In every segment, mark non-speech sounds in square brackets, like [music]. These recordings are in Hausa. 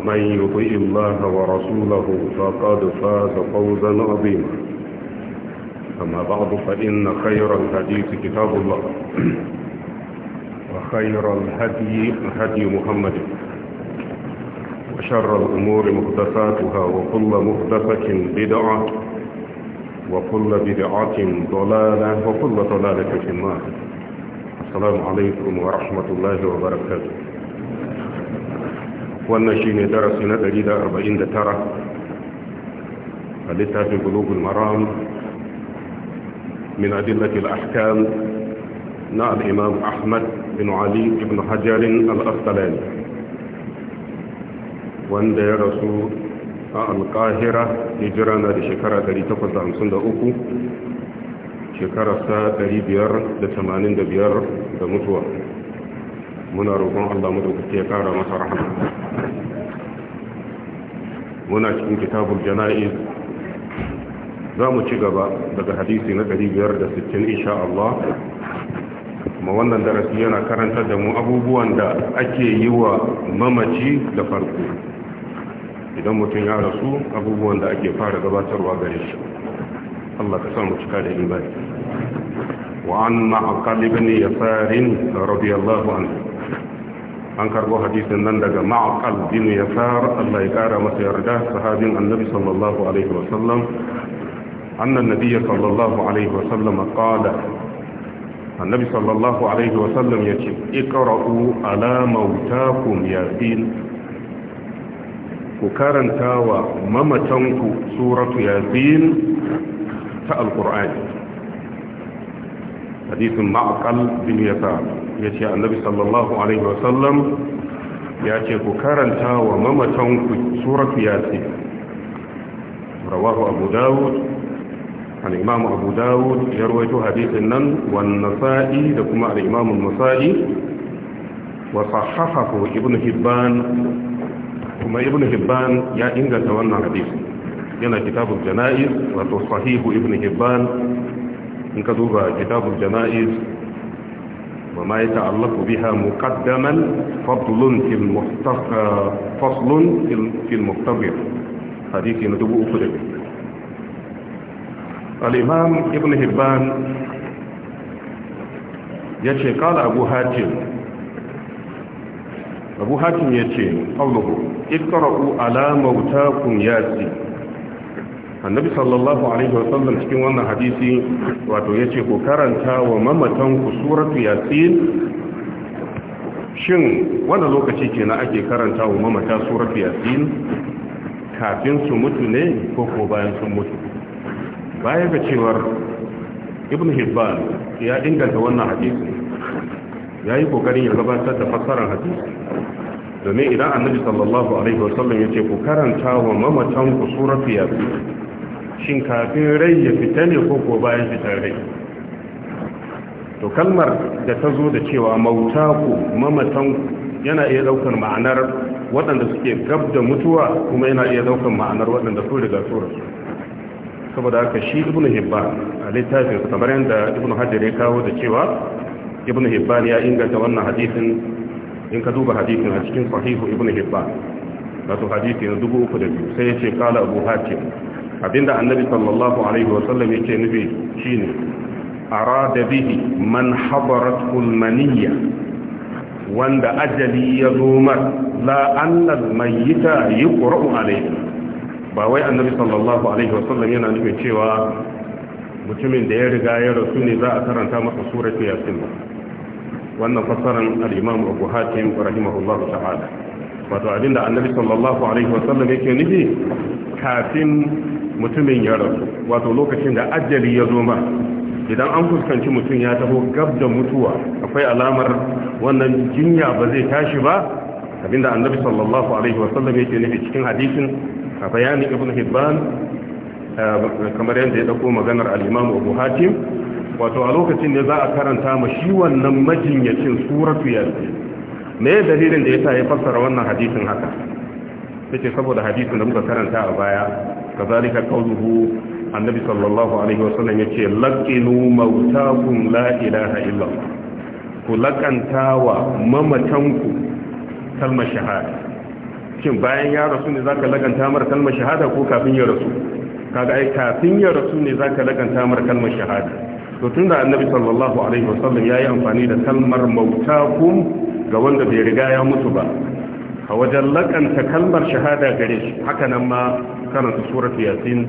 ومن يطيع الله ورسوله فقد فاز فوزا عظيما أما بعد فإن خير الحديث كتاب الله وخير الهدي هدي محمد وشر الأمور محدثاتها وكل محدثة بدعة وكل بدعة ضلالة وكل ضلالة في النار السلام عليكم ورحمة الله وبركاته wannan shi ne darasi na 149 a littafin bulugul maram min adillatil ahkam na al ahmad bin ali ibn hajar al-asqalani wanda ya rasu a alƙahira hijira na da shekara 853 shekararsa 585 da mutuwa muna roƙon allah mu da ya ƙara masa rahama muna cikin kitabun jana'iz za mu ci gaba daga hadisi na 560 insha Allah kuma wannan darasi yana karantar da mu abubuwan da ake yi wa mamaci da farko idan mutum ya rasu abubuwan da ake fara gabatarwa gare shi Allah ka mu cika da imani wa an ma'aqal ibn yasar radiyallahu anhu an karbo hadisin nan daga ma'aqal bin yasar Allah ya kara masa yarda sahabin annabi sallallahu alaihi wa sallam annan nabiyyi sallallahu alaihi wa sallam qala annabi sallallahu alaihi wa sallam yace iqra'u ala mautakum yasin ku karanta wa mamatanku suratu ya yasin ta alqur'ani hadisin ma'aƙal bin yasa ya ce annabi sallallahu alaihi wasallam ya ce ku karanta wa mamatan ku suratu yasin rawahu abu dawud al-imam abu dawud ya rawaito hadisin nan wan da kuma al-imam an-nasa'i kuma ibnu hibban ya inganta wannan hadisi yana kitabun janaiz wato sahihu ibnu hibban نكذب كتاب الجنائز وما يتعلق بها مقدما فضل في فصل في المحتضر حديث ندب أخذ الإمام ابن هبان يتشي قال أبو هاتم أبو هاتم يتشي قوله اقرأوا على موتاكم ياسين annabi sallallahu alaihi wa sallam cikin wannan hadisi wato yace ku karanta wa mamatan ku suratu yasin shin wannan lokaci kenan ake karanta wa mamata suratu yasin kafin su mutu ne ko ko bayan sun mutu baya ga cewar ibn hibban ya inganta wannan hadisi ya yi kokarin ya gabatar da fassarar hadisi domin idan annabi sallallahu alaihi wasallam ya ce ku karanta wa mamatan ku suratu yasin shin kafin rai ya fita ne ko ko bayan fitar rai to kalmar da ta zo da cewa mauta ku mamatan yana iya daukar ma'anar waɗanda suke gab da mutuwa kuma yana iya daukar ma'anar waɗanda su riga tsoro saboda haka shi Ibn hibban a littafin kamar yadda Ibn hajar ya kawo da cewa ibn hibban ya inganta wannan hadisin in ka duba hadisin a cikin sahihu ibn hibban wato hadisi na biyu sai ya ce kala abu hatim abinda annabi sallallahu alaihi wasallam yake nufi shine arada bihi man wanda ajali ya zo mar la annal mayyita yuqra'u alayhi ba wai annabi sallallahu alaihi wasallam yana nufin cewa mutumin da ya riga ya rasu ne za a karanta masa suratul yasin wannan fassaran al-imam Abu Hatim rahimahullahu ta'ala wato abinda annabi sallallahu alaihi wasallam yake nufi kafin mutumin ya rasu wato lokacin da ajali ya zo ma idan an fuskanci mutum ya taho gab da mutuwa akwai alamar wannan jinya ba zai tashi ba abinda annabi sallallahu alaihi wasallam yake nufi cikin hadisin a bayanin ibn hibban kamar yadda ya dauko maganar al-imam abu hatim wato a lokacin da za a karanta ma shi wannan majinyacin suratu yasin me dalilin da yasa ya fassara wannan hadisin haka yace saboda hadisin da muka karanta a baya kazalika qawluhu annabi sallallahu alaihi wasallam yace laqinu mautakum la ilaha illa ku lakantawa mamatanku kalmar shahada shin bayan ya rasu ne zaka lakanta mar kalmar shahada ko kafin ya rasu kaga ai kafin ya rasu ne zaka lakanta mar kalmar shahada to tunda annabi sallallahu alaihi wasallam yayi amfani da kalmar mautakum ga wanda bai riga ya mutu ba a wajen laƙanta kalmar shahada gare shi haka nan ma karanta surat yasin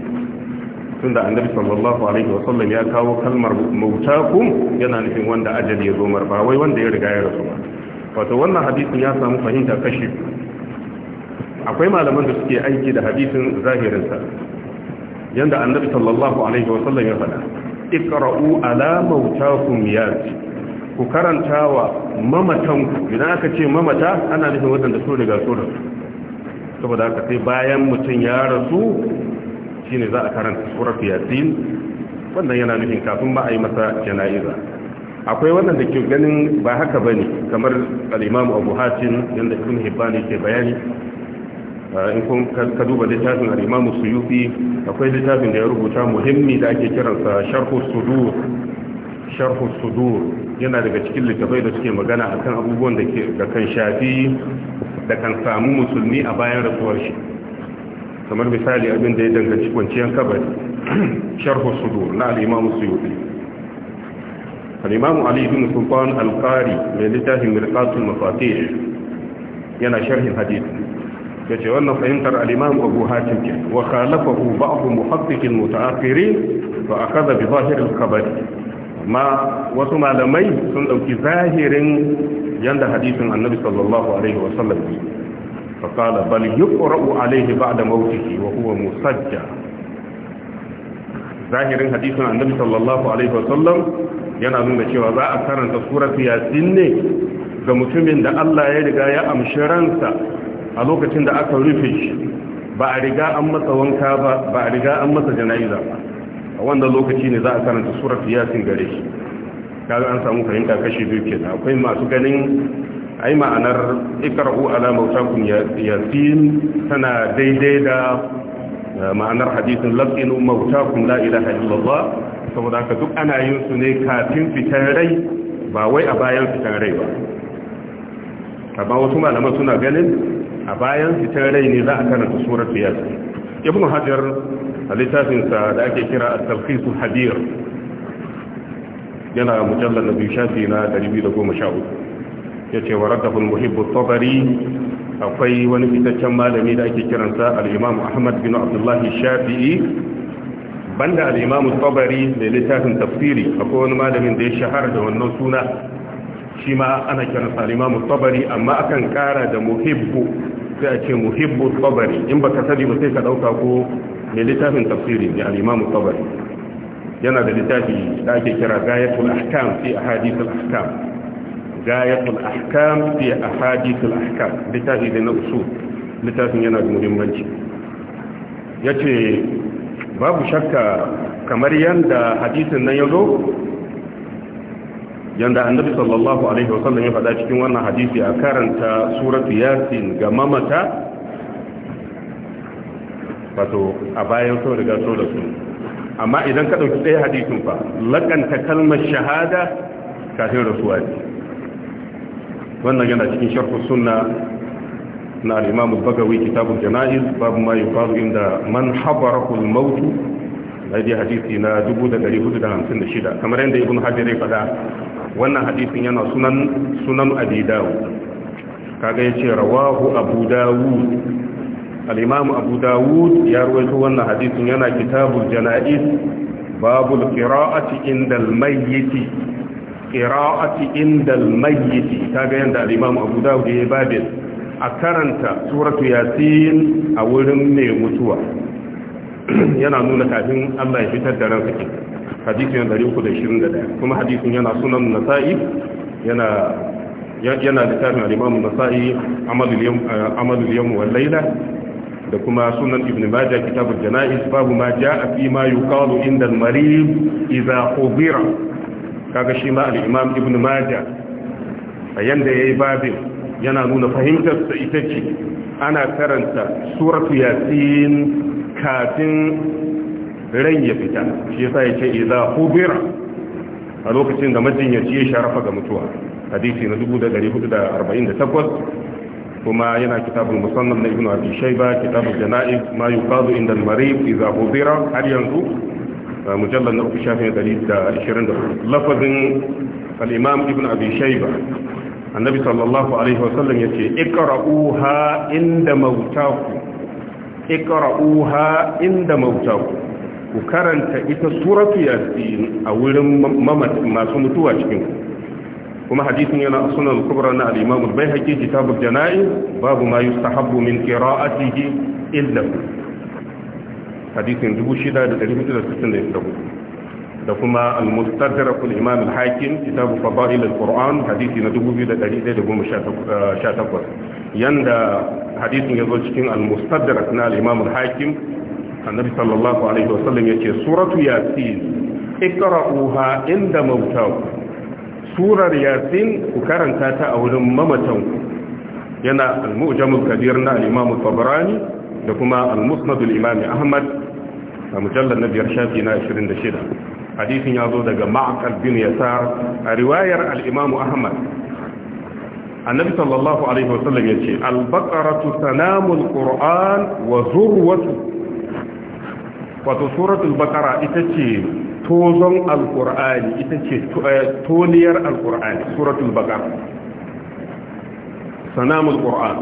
tunda annabi sallallahu alaihi wasallam ya kawo kalmar mautakum yana nufin wanda ajali ya zo ba wai wanda ya riga ya rasu ba wato wannan hadisin ya samu fahimta kashi akwai malaman da suke aiki da hadisin zahirinsa yanda annabi sallallahu alaihi wasallam ya faɗa iqra'u ala mautakum yati ku karantawa mamatan ku. idan aka ce mamata ana nufin wadanda su riga su rasu saboda haka sai bayan mutum ya rasu shi ne za a karanta surat yasin wannan yana nufin kafin ba a yi masa jana'iza akwai wannan da ke ganin ba haka ba ne kamar alimamu Abu Hatim yadda Ibn Hibban ke bayani uh, in kun ka duba littafin alimamu su yufi akwai littafin da ya rubuta muhimmi da ake kiransa sharhu sudur yana daga cikin littafai da suke magana akan abubuwan da ke da kan shafi da kan samu musulmi a bayan rasuwar shi kamar misali abin da ya danganci kwanciyar kabari [clears throat] sharhu sudur na al-imam suyuti al-imam ali ibn sultan al-qari mai littafin mirqatul mafatih yana sharhin hadith yace wannan fahimtar al-imam abu hatim ke wa khalafahu ba'd muhaqqiq al fa akhadha bi zahir al kabari. ma wasu malamai sun dauki zahirin yanda hadisin annabi sallallahu alaihi wasallam ne faƙala bal yuqra'u alaihi ba'da mautihi wa huwa musajja zahirin hadisin annabi sallallahu alaihi sallam yana nuna cewa za a karanta surat yasin ne ga mutumin da Allah ya riga ya amshi ransa a lokacin da aka rufe shi ba a riga an masa wanka ba ba a riga an masa jana'iza ba a wanda lokaci ne za a karanta surat yasin gare shi kaga an samu fahimta kashi biyu kenan akwai masu ganin ai ma'anar ikra'u ala mautakum yasin tana daidai da ma'anar hadisin laqinu mautakum la ilaha illallah saboda duk ana yin su ne kafin fitan rai ba wai a bayan fitan rai ba amma wasu malaman suna ganin a bayan fitan rai ne za a karanta suratu yasin ibnu hajar a littafinsa da ake kira at-talqisul hadir yana mujallar da biyu shafi na 213 ya ce wa raddafin muhibbu tabari akwai wani fitaccen malami da ake kiransa al'imam ahmad bin abdullahi shafi'i banda al'imam tabari mai littafin tafsiri akwai wani malamin da ya shahara da wannan suna shi ma ana kiransa al'imam tabari amma akan kara da muhibbu sai a ce muhibbu tabari in ba ka sani ba sai ka ɗauka ko mai littafin tafsiri ne al'imam tabari yana da littafi da ake kira gayatul ahkam fi ahadithul ahkam gayatul ahkam fi ahadithul ahkam littafi da na usul littafin yana da muhimmanci yace babu shakka kamar yanda hadisin nan yazo yanda annabi sallallahu alaihi wasallam ya faɗa cikin wannan hadisi a karanta suratu yasin ga mamata wato a bayan sau riga sau da su amma idan ka ɗauki ɗaya hadisin fa laƙanta kalmar shahada kafin rasuwa ne wannan yana cikin sharhu sunna na Alimamu Bagawai, kitabun janaiz babu ma yuqalu inda man Habar, al Na hadisi hadisi na 1456 kamar yadda ibn hajar ya faɗa wannan hadisin yana sunan sunan abi dawud kaga yace rawahu abu dawud al abu dawud ya rawaito wannan hadisin yana kitabul janaiz babul qira'ati indal mayyit qira'ati indal mayyit ta ga yadda imam abu dawud ya yi babin a karanta suratu yasin a wurin mai mutuwa [clears throat] yana nuna kafin Allah ya fitar da ransa ke hadisin 321 kuma hadisin yana sunan nasa'i yana yana da al-imam nasa'i amalul yawm amalul da kuma sunan ibn majah kitabul janaiz babu ma jaa fi ma yuqalu inda al-marid idha qubira kaga shi ma al-imam ibn majah a yanda yayi babin yana nuna fahimtar sa ita ce ana karanta suratu yasin kafin ran ya fita shi yasa yace idha qubira a lokacin da majinyaci ya sharafa ga mutuwa hadisi na 1448 kuma yana kitabul musannaf na ibnu abi shayba kitabul janaiz ma yuqadu inda al-marid idza hudira har yanzu uh, mujallal na uku shafin 124 lafazin al-imam ibnu abi shayba annabi sallallahu alaihi wasallam yace ikra'uha inda mautaku ikra'uha inda mautaku ku karanta ita suratu yasin a wurin masu mutuwa cikin ku كما حديث من السنة الكبرى أن الإمام البيهكي كتاب الجنائز باب ما يستحب من قراءته إلا حديث ندبو شيدا لتريف إلى السنة يستبو دفما المستدر الإمام الحاكم كتاب فضائل القرآن حديث ندبو بيدا تريف إلى بوم شاتفر يندى حديث يزوج كين المستدر الإمام الحاكم النبي صلى الله عليه وسلم يقول سورة ياسين اقرأوها عند موتاكم surar yasin ku karanta ta a wurin mamatan yana al-mu'jamul kabir na al'imamu imam tabarani da kuma al-musnad ahmad a mujallar na biyar shafi na 26 hadisin ya zo daga ma'qal bin yasar a riwayar al-imam ahmad annabi sallallahu alaihi wasallam yace al-baqaratu sanamul qur'an wa zurwatu wato suratul baqara ita ce tozon alkur'ani ita ce toliyar eh, alkur'ani suratul baqara sanamul qur'an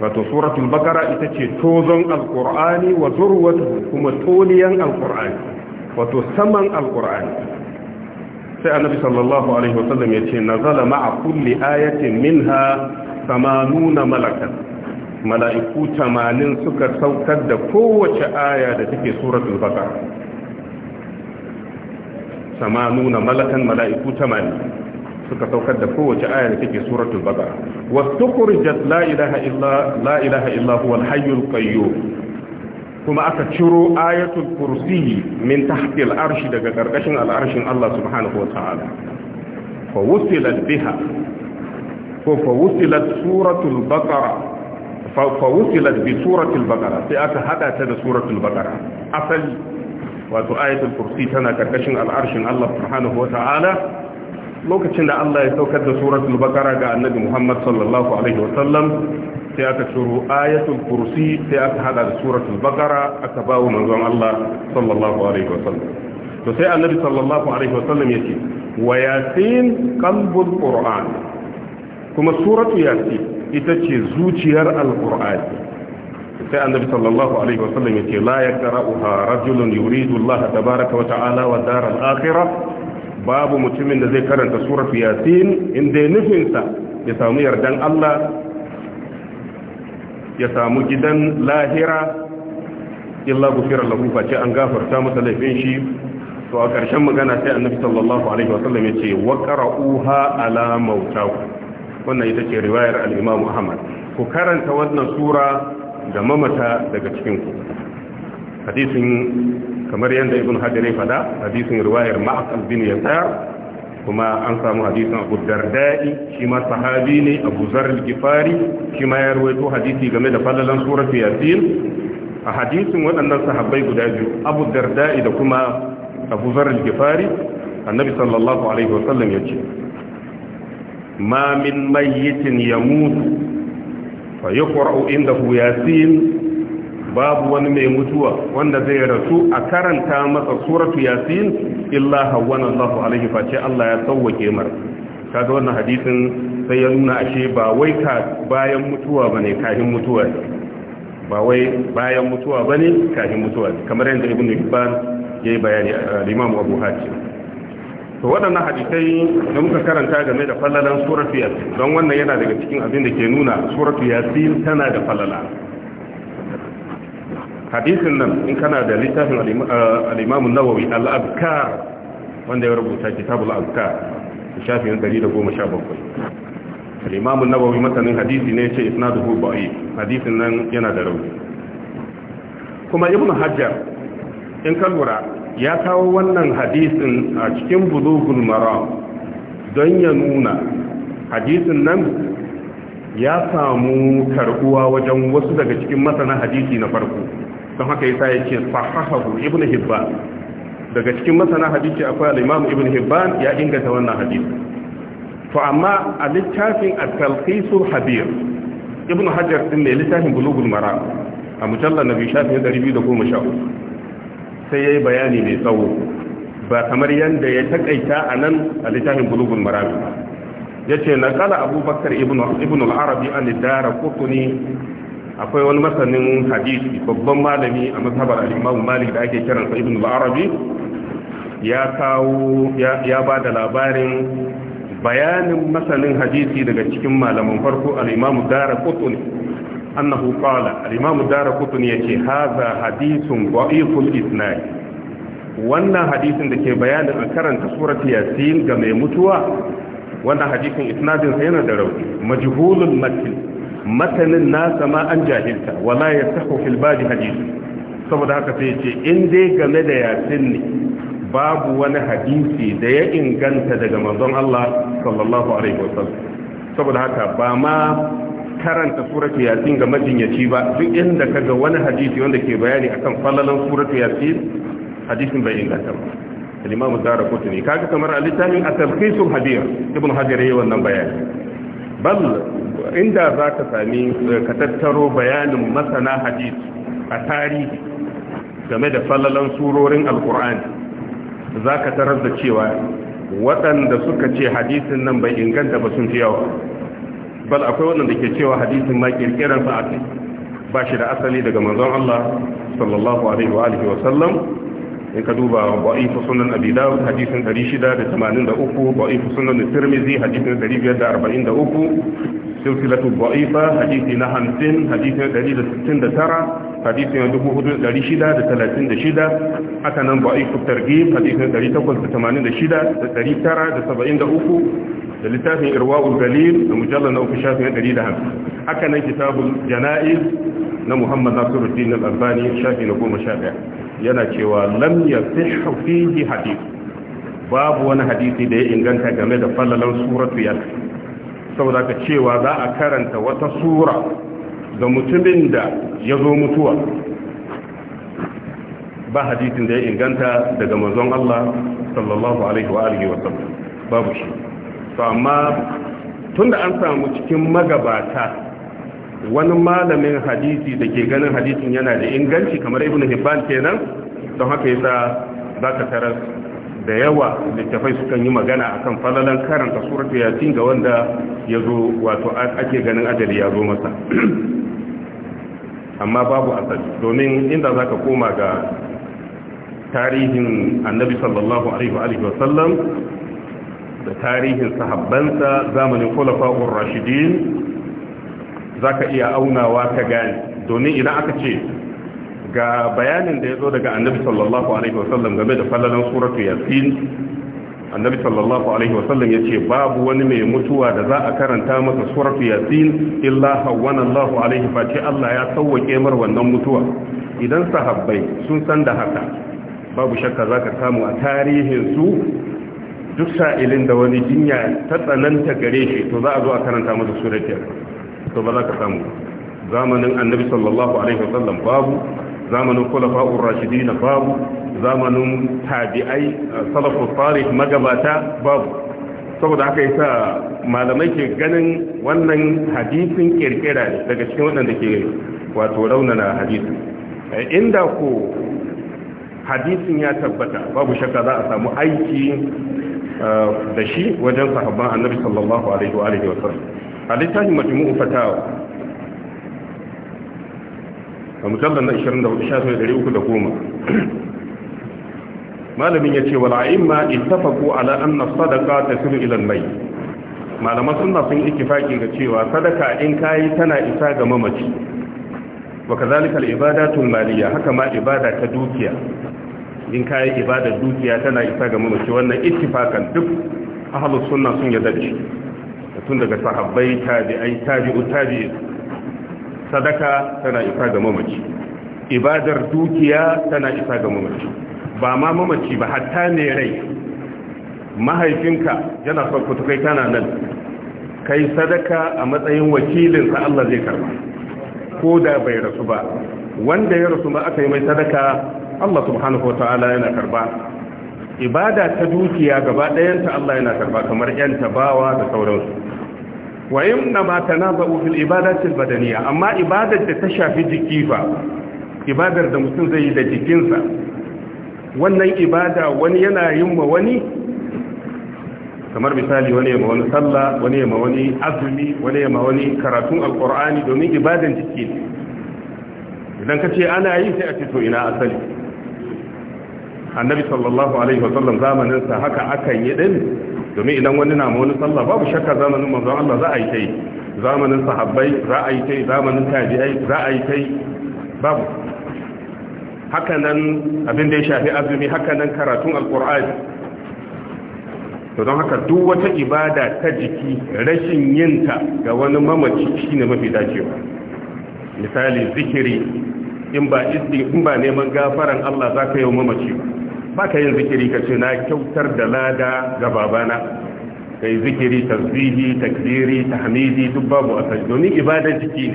wato suratul baqara ita ce tozon alkur'ani wa zurwatu kuma toliyan alkur'ani wato saman alkur'ani sai annabi sallallahu alaihi wasallam yace nazala ma'a kulli ayatin minha 80 malakan mala'iku 80 suka saukar da kowace aya da take suratul baqara samanuna malakan mala'iku tamani suka saukar da kowace aya da take suratul baqara wastukhrijat la ilaha illa la ilaha illa huwa al-hayyul qayyum kuma aka ciro ayatul kursi min tahti al-arshi daga karkashin al-arshin Allah subhanahu wa ta'ala fa wusilat biha ko fa wusilat suratul baqara sai aka haɗa ta da suratul البقرة asali wato ayatul kursi tana karkashin al'arshin Allah subhanahu wa ta'ala lokacin da Allah ya saukar da suratul bakara ga annabi Muhammad sallallahu alaihi wa sallam sai aka turo ayatul kursi sai aka hada da suratul bakara aka bawo manzon Allah sallallahu alaihi wa sallam to sai annabi sallallahu alaihi wa sallam yake wa yasin qalbul qur'an kuma suratu yasin ita ce zuciyar alqur'ani sai annabi sallallahu alaihi wasallam yace la yaqra'uha rajulun yuridu Allah tabaaraka wa ta'ala wa daral akhirah babu mutumin da zai karanta surar yasin inda nufin sa ya samu yardan Allah ya samu gidan lahira illa gufira lahu fa ce an gafarta masa laifin shi to a ƙarshen magana sai annabi sallallahu alaihi wasallam ya ce wa qara'uha ala mautaku wannan ita ce riwayar al-Imam Ahmad ku karanta wannan sura ga mamata daga cikin ku hadisin kamar yadda ibn hajar ya fada hadisin riwayar ma'aqal bin yasar kuma an samu hadisin abu dardai shi ma sahabi ne abu zarar gifari shi ma ya ruwaito hadisi game da falalan suratu yasin a hadisin waɗannan sahabbai guda biyu abu dardai da kuma abu zarar gifari annabi sallallahu alaihi wasallam ya ce ma min mayyitin ya mutu fa yaqra'u indahu yasin babu wani mai mutuwa wanda zai rasu a karanta masa suratu yasin illa hawan Allahu alaihi face Allah ya sauwake mar kaga wannan hadisin sai ya nuna ashe ba wai ka bayan mutuwa ba bane kahin mutuwa ba wai bayan mutuwa ba ne kahin mutuwa kamar yadda Ibn Hibban yi bayani a imam Abu hajji. to waɗannan hadisai da muka karanta game da falalan suratu yasin don wannan yana daga cikin abin da ke nuna suratu yasin tana da falala hadisin nan in kana da littafin eh, al-imam an-nawawi al-azkar wanda ya rubuta kitabul azkar shafin 117 al-imamu nawawi matanin hadisi ne ce isnaduhu ba'i hadisin nan yana da rauni kuma ibnu hajjar in ka lura ya kawo wannan hadisin a cikin bulugul maram don ya nuna hadisin nan ya samu karbuwa wajen wasu daga cikin masana hadisi na farko don haka yasa ce sahahu Ibn hibban daga cikin masana hadisi akwai al Ibn hibban ya inganta wannan hadisi to amma a littafin at-talqisul habir Ibn hajar din ne littafin bulugul maram a mujallal na shafi 213 sai ya yi bayani mai tsawo ba kamar yadda ya takaita a nan a littafin bulugun marami ya ce na kala abubakar ibn al-arabi an dara kutuni akwai wani masanin hadisi babban malami a mazhabar al-imam malik da ake kiransa ibn al-arabi ya kawo ya ba da labarin bayanin masanin hadisi daga cikin malaman farko al-imam dara kutuni annahu qala al-imam ne darqutni yace hadha hadithun da'iful isnad wannan hadisin da ke bayanin a karanta surat yasin ga mai mutuwa wannan hadisin isnadin sa yana da rauni majhulul matn matanin na sama an jahilta wala yasahu fil badi hadisi saboda haka sai yace in dai game da yasin ne babu wani hadisi da ya inganta daga manzon Allah sallallahu alaihi wasallam saboda haka ba ma karanta suratu yasin ga majinyaci ba duk inda kaga wani hadisi wanda ke bayani akan fallalan suratu yasin hadisin bai inganta ba al-imamu darakutu ne kaga kamar al-littafin at-talqisul hadir ibn hajar yayin wannan bayani bal inda zaka sami eh, ka tattaro bayanin masana hadisi a tarihi game da fallalan surorin al-qur'ani zaka tarar da cewa waɗanda suka ce hadisin nan bai inganta ba sun fi yawa bal akwai wanda ke cewa hadisin ma kirkiran sa ake ba shi da asali daga manzon Allah sallallahu alaihi wa alihi wa sallam in ka duba ba'if sunan abi dawud hadisin 683 ba'if sunan tirmidhi hadisin 543 silsilatu ba'ifa hadisi na 50 hadisin 169 hadisin 4636 haka nan ba'if targhib hadisin 886 da 973 da littafin irwa'ul galil da mujallar na uku shafin 150 haka nan kitabun jana'iz na muhammad nasiruddin al-albani shafi na goma sha ɗaya yana cewa lam yasihu fihi hadith babu wani hadisi da ya inganta game da fallalar suratu yasin saboda ka cewa za a karanta wata sura ga mutumin da ya zo mutuwa ba hadisin da ya inganta daga manzon Allah sallallahu alaihi wa alihi wa sallam babu shi to amma tunda an samu cikin magabata wani malamin hadisi da ke ganin hadisin yana da inganci kamar ibn hibban kenan don haka yasa zaka tarar da yawa littafai sukan yi magana akan falalan karanta suratu yasin ga wanda ya zo wato ake ganin ajali ya zo masa [clears throat] amma babu asali domin inda za ka koma ga tarihin annabi sallallahu alaihi wa sallam da tarihin sahabbansa zamanin kulafa'ur rashidin zaka iya aunawa ka gane domin idan aka ce ga bayanin da ya zo daga annabi sallallahu alaihi wasallam game da fallalan suratu yasin annabi sallallahu alaihi wasallam ce babu wani mai mutuwa da za a karanta masa suratu yasin illa hawwana Allahu alaihi fati Allah ya sauwake mar wannan mutuwa idan sahabbai sun san da haka babu shakka zaka samu a tarihin su duk sa'ilin da wani jinya ta tsananta gare shi to za a zo a karanta masa suratiyar to ba za ka samu zamanin annabi sallallahu alaihi wasallam babu zamanin kulafa'ur rashidin babu zamanin tabi'ai salafu salih magabata babu saboda haka yasa malamai ke ganin wannan hadisin kirkira ne daga cikin waɗanda ke wato raunana hadisin inda ko hadisin ya tabbata babu shakka za a samu aiki da shi wajen sahabban annabi sallallahu alaihi wa alihi wa sallam a littafin majmu'u fatawa a mujallar na 24 shafin 310 malamin ya ce wal a'imma ittafaqu ala anna sadaqa tasiru ila al-mayt malaman sunna sun ittifaki ga cewa sadaka in kai tana isa ga mamaci wa kazalika al-ibadatul maliyya haka ma ibada ta dukiya in kayi ibadar dukiya tana isa ga mamaci wannan ittifakan duk ahlus sunna sun yarda da shi tun daga sahabbai tabi'ai tabi'u tabi'i sadaka tana isa ga mamaci ibadar dukiya tana isa ga mamaci ba ma mamaci ba hatta ne rai mahaifinka yana son ku kai kana nan kai sadaka a matsayin wakilinsa Allah zai karba ko da bai rasu ba wanda ya rasu ba aka yi mai sadaka Allah subhanahu wa ta'ala yana karba ibada ta dukiya gaba ɗayanta Allah yana karba kamar yan tabawa da sauransu wa na ma tanaza'u fil ibadati al badaniya amma ibadar da ta shafi jiki fa ibadar da mutum zai yi da jikinsa wannan ibada wani yana yin ma wani kamar misali wani yamma wani sallah wani yamma wani azumi wani yamma wani karatun alkur'ani domin ibadan jiki ne idan ka ce ana yi sai a ce to ina asali annabi sallallahu alaihi wasallam zamanin sa haka akan yi din domin idan wani na wani sallah babu shakka zamanin manzon Allah za a yi kai zamanin sahabbai za a yi kai zamanin tabi'ai za a yi kai babu haka nan abin da ya shafi azumi haka nan karatun alqur'ani to don haka duk wata ibada ta jiki rashin yinta ga wani mamaci shine mafi dacewa misali zikiri in ba neman gafaran Allah za ka yi mamaci ba ba ka yin zikiri ka ce na kyautar da lada ga babana ka yi zikiri tasbihi takbiri tahmidi duk babu asali domin ibadar jiki ne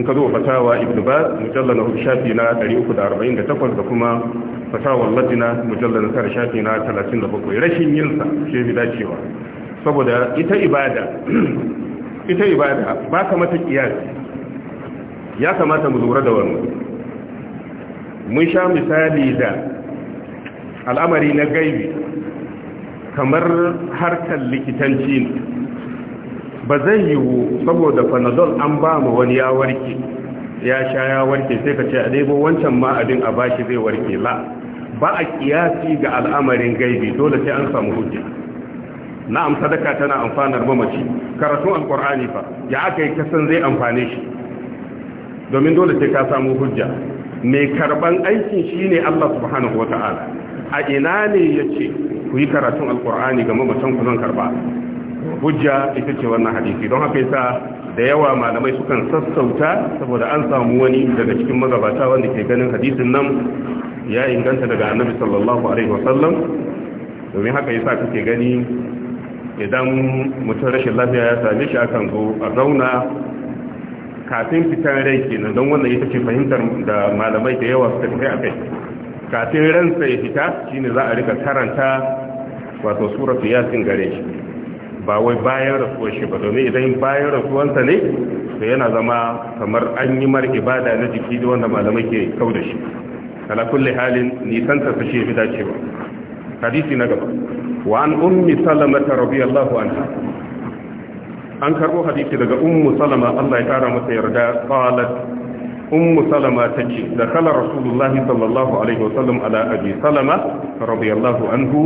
in ka zo fatawa ibnu ba mujalla na hudu shafi na 348 da kuma fatawa Ladina mujalla na tara shafi na 37 rashin yinsa shi bi dacewa saboda ita ibada [clears throat] ita ibada ba ka mata kiyasi ya kamata mu lura da wannan mun sha misali da al'amari na gaibi kamar harkar likitanci ne ba zai yiwu saboda panadol an ba ma wani ya warke ya sha ya warke sai ka ce a ɗaibo wancan ma abin a bashi zai warke la ba a kiyasi ga al'amarin gaibi dole sai an samu hujja na'am sadaka tana amfanar mamaci karatun alkur'ani fa ya aka yi kasan zai amfane shi domin dole sai ka samu hujja mai karban aikin shine Allah subhanahu wata'ala a ina ne ya ce ku yi karatun alkur'ani ga mamatan ku zan karba hujja ita ce wannan hadisi don haka yasa da yawa malamai sukan sassauta saboda an samu wani daga cikin magabata wanda ke ganin hadisin nan ya inganta daga annabi sallallahu alaihi wasallam domin haka yasa kake gani idan mutum rashin lafiya ya same shi akan zo a zauna kafin fitan rai kenan don wannan ita ce fahimtar da malamai da yawa suka tafi a kai kafin ransa ya fita shine za a rika karanta wato suratu yasin gare shi ba wai bayan rasuwar shi ba domin idan bayan rasuwansa ne to yana zama kamar an yi mar ibada na jiki da wanda malamai ke kau da shi Kala kulli halin nisanta ta shi fi cewa. hadisi na gaba wa an ummi salama ta radiyallahu anha an karbo hadisi daga ummu salama Allah ya kara masa yarda qalat ummu salama ta ce, da kala rasulullah sallallahu alaihi wasallam ala abi salama radiyallahu anhu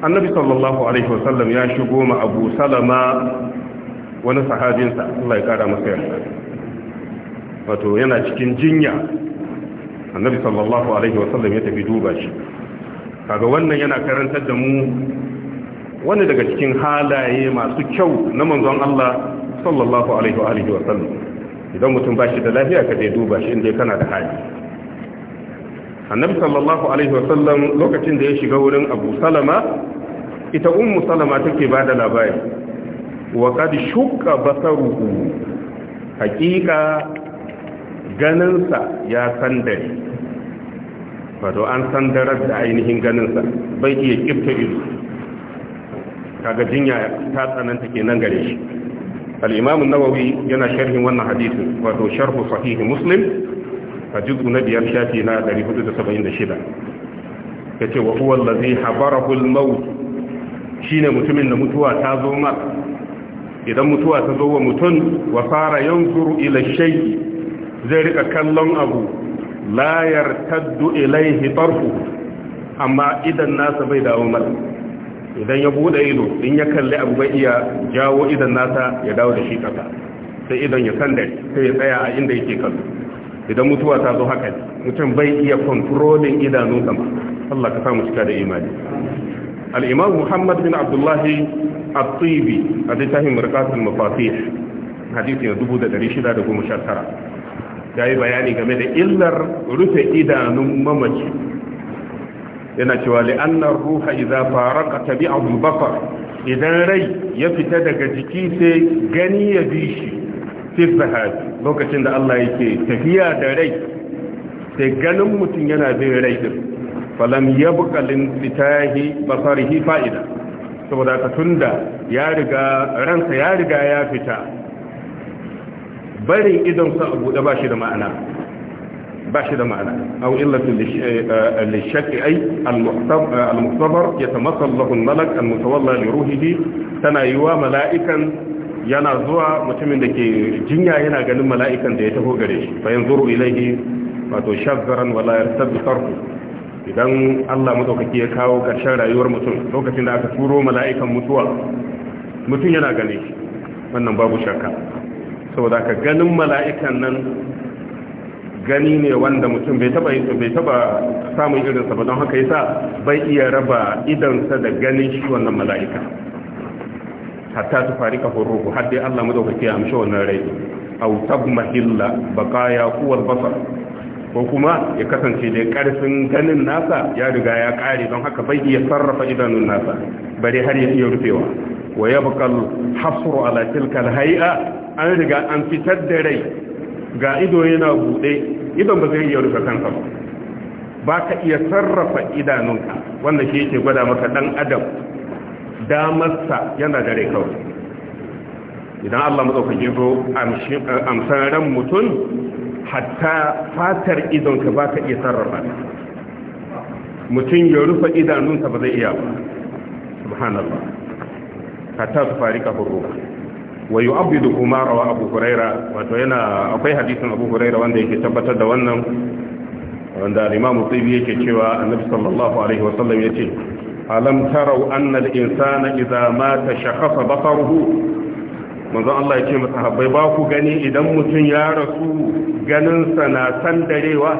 annabi sallallahu alaihi wasallam ya shigo ma abu salama wani sahabinsa Allah ya kara masa yarda wato yana cikin jinya annabi sallallahu alaihi wasallam ya tafi duba shi kaga wannan yana karantar da mu wani daga cikin halaye masu kyau na manzon Allah sallallahu alaihi wa alihi wasallam idan mutum ba shi da lafiya ka dai duba shi inda kana da hali annabi sallallahu alaihi wasallam lokacin da ya shiga wurin abu salama ita ummu salama take ba da labari wa kad shukka basaruhu hakika ganinsa ya sandare wato an sandarar da ainihin ganinsa bai iya kifta ido kaga jinya ta tsananta kenan gare shi al-imam nawawi yana sharhin wannan hadisi wato sharh sahih muslim a juz'u na biyar shafi na 476 yace wa huwa allazi habarahu al-maut shine mutumin da mutuwa ta zo mar idan mutuwa ta zo wa mutum wa fara yanzuru ila shay'i zai rika kallon abu la amma idan nasa bai dawo idan ya bude ido in ya kalli abu bai iya jawo idan nasa ya dawo da shi kasa sai idan ya sanda sai ya tsaya a inda yake kallo idan mutuwa ta zo haka mutum bai iya kontrolin idanu ma Allah ka samu cika da imani al-imam Muhammad bin Abdullah at-Tibi a littafin Mirqat al-Mafatih hadisi na 1619 yayi bayani game da illar rufe idanun mamaci yana cewa li'annar ruha idza faraka tabi'ahu al-basar idan rai ya fita daga jiki sai gani ya bi shi fi zahabi lokacin da Allah yake tafiya da rai sai ganin mutum yana bin rai din falam yabqa lin fitahi basarihi fa'ida saboda ka tunda ya riga ransa ya riga ya fita barin idon sa abu da bashi da ma'ana ba shi da او aw للشك lishaqi ay يتمثل له الملك المتولى al-malak al tana yana zuwa mutumin da ke jinya yana ganin mala'ikan da ya taho gare shi bayan zuru ilaihi wato shazzaran walayar tabbatar idan Allah matsaukaki ya kawo ƙarshen rayuwar mutum lokacin da aka turo mala'ikan mutuwa mutum yana gane shi wannan babu shakka saboda ka ganin mala'ikan nan gani ne wanda mutum bai taba bai taba samun irin sa ba don haka yasa bai iya raba sa da ganin shi wannan mala'ika hatta fari farika huruhu har dai Allah madaukaki ya amshi wannan rai aw tabmahilla baqaya quwwal basar ko kuma ya kasance da karfin ganin nasa ya riga ya kare don haka bai iya sarrafa idanun nasa bare har ya iya rufewa wa yabqa al hasru ala tilka al hay'a an riga an fitar da rai ga ido yana buɗe idon ba zai iya rufe kansa ba ba ka iya sarrafa idanunka wannan shi yake gwada maka ɗan adam damarsa yana da rai kawai idan allah maɗaukaki zo amsan ran mutum hatta fatar idonka ba ka iya sarrafa mutum ya rufe idanunsa ba zai iya ba subhanallah hatta su fari kafin ruwa wa yu'abbidu kuma rawa abu huraira wato yana akwai hadisin abu huraira wanda yake tabbatar da wannan wanda al tsibi yake cewa annabi sallallahu alaihi wasallam yace alam tarau anna al-insana idza mata shakhafa basaruhu manzo Allah yake masa habbai ba ku gani idan mutun ya rasu ganin sa na sandarewa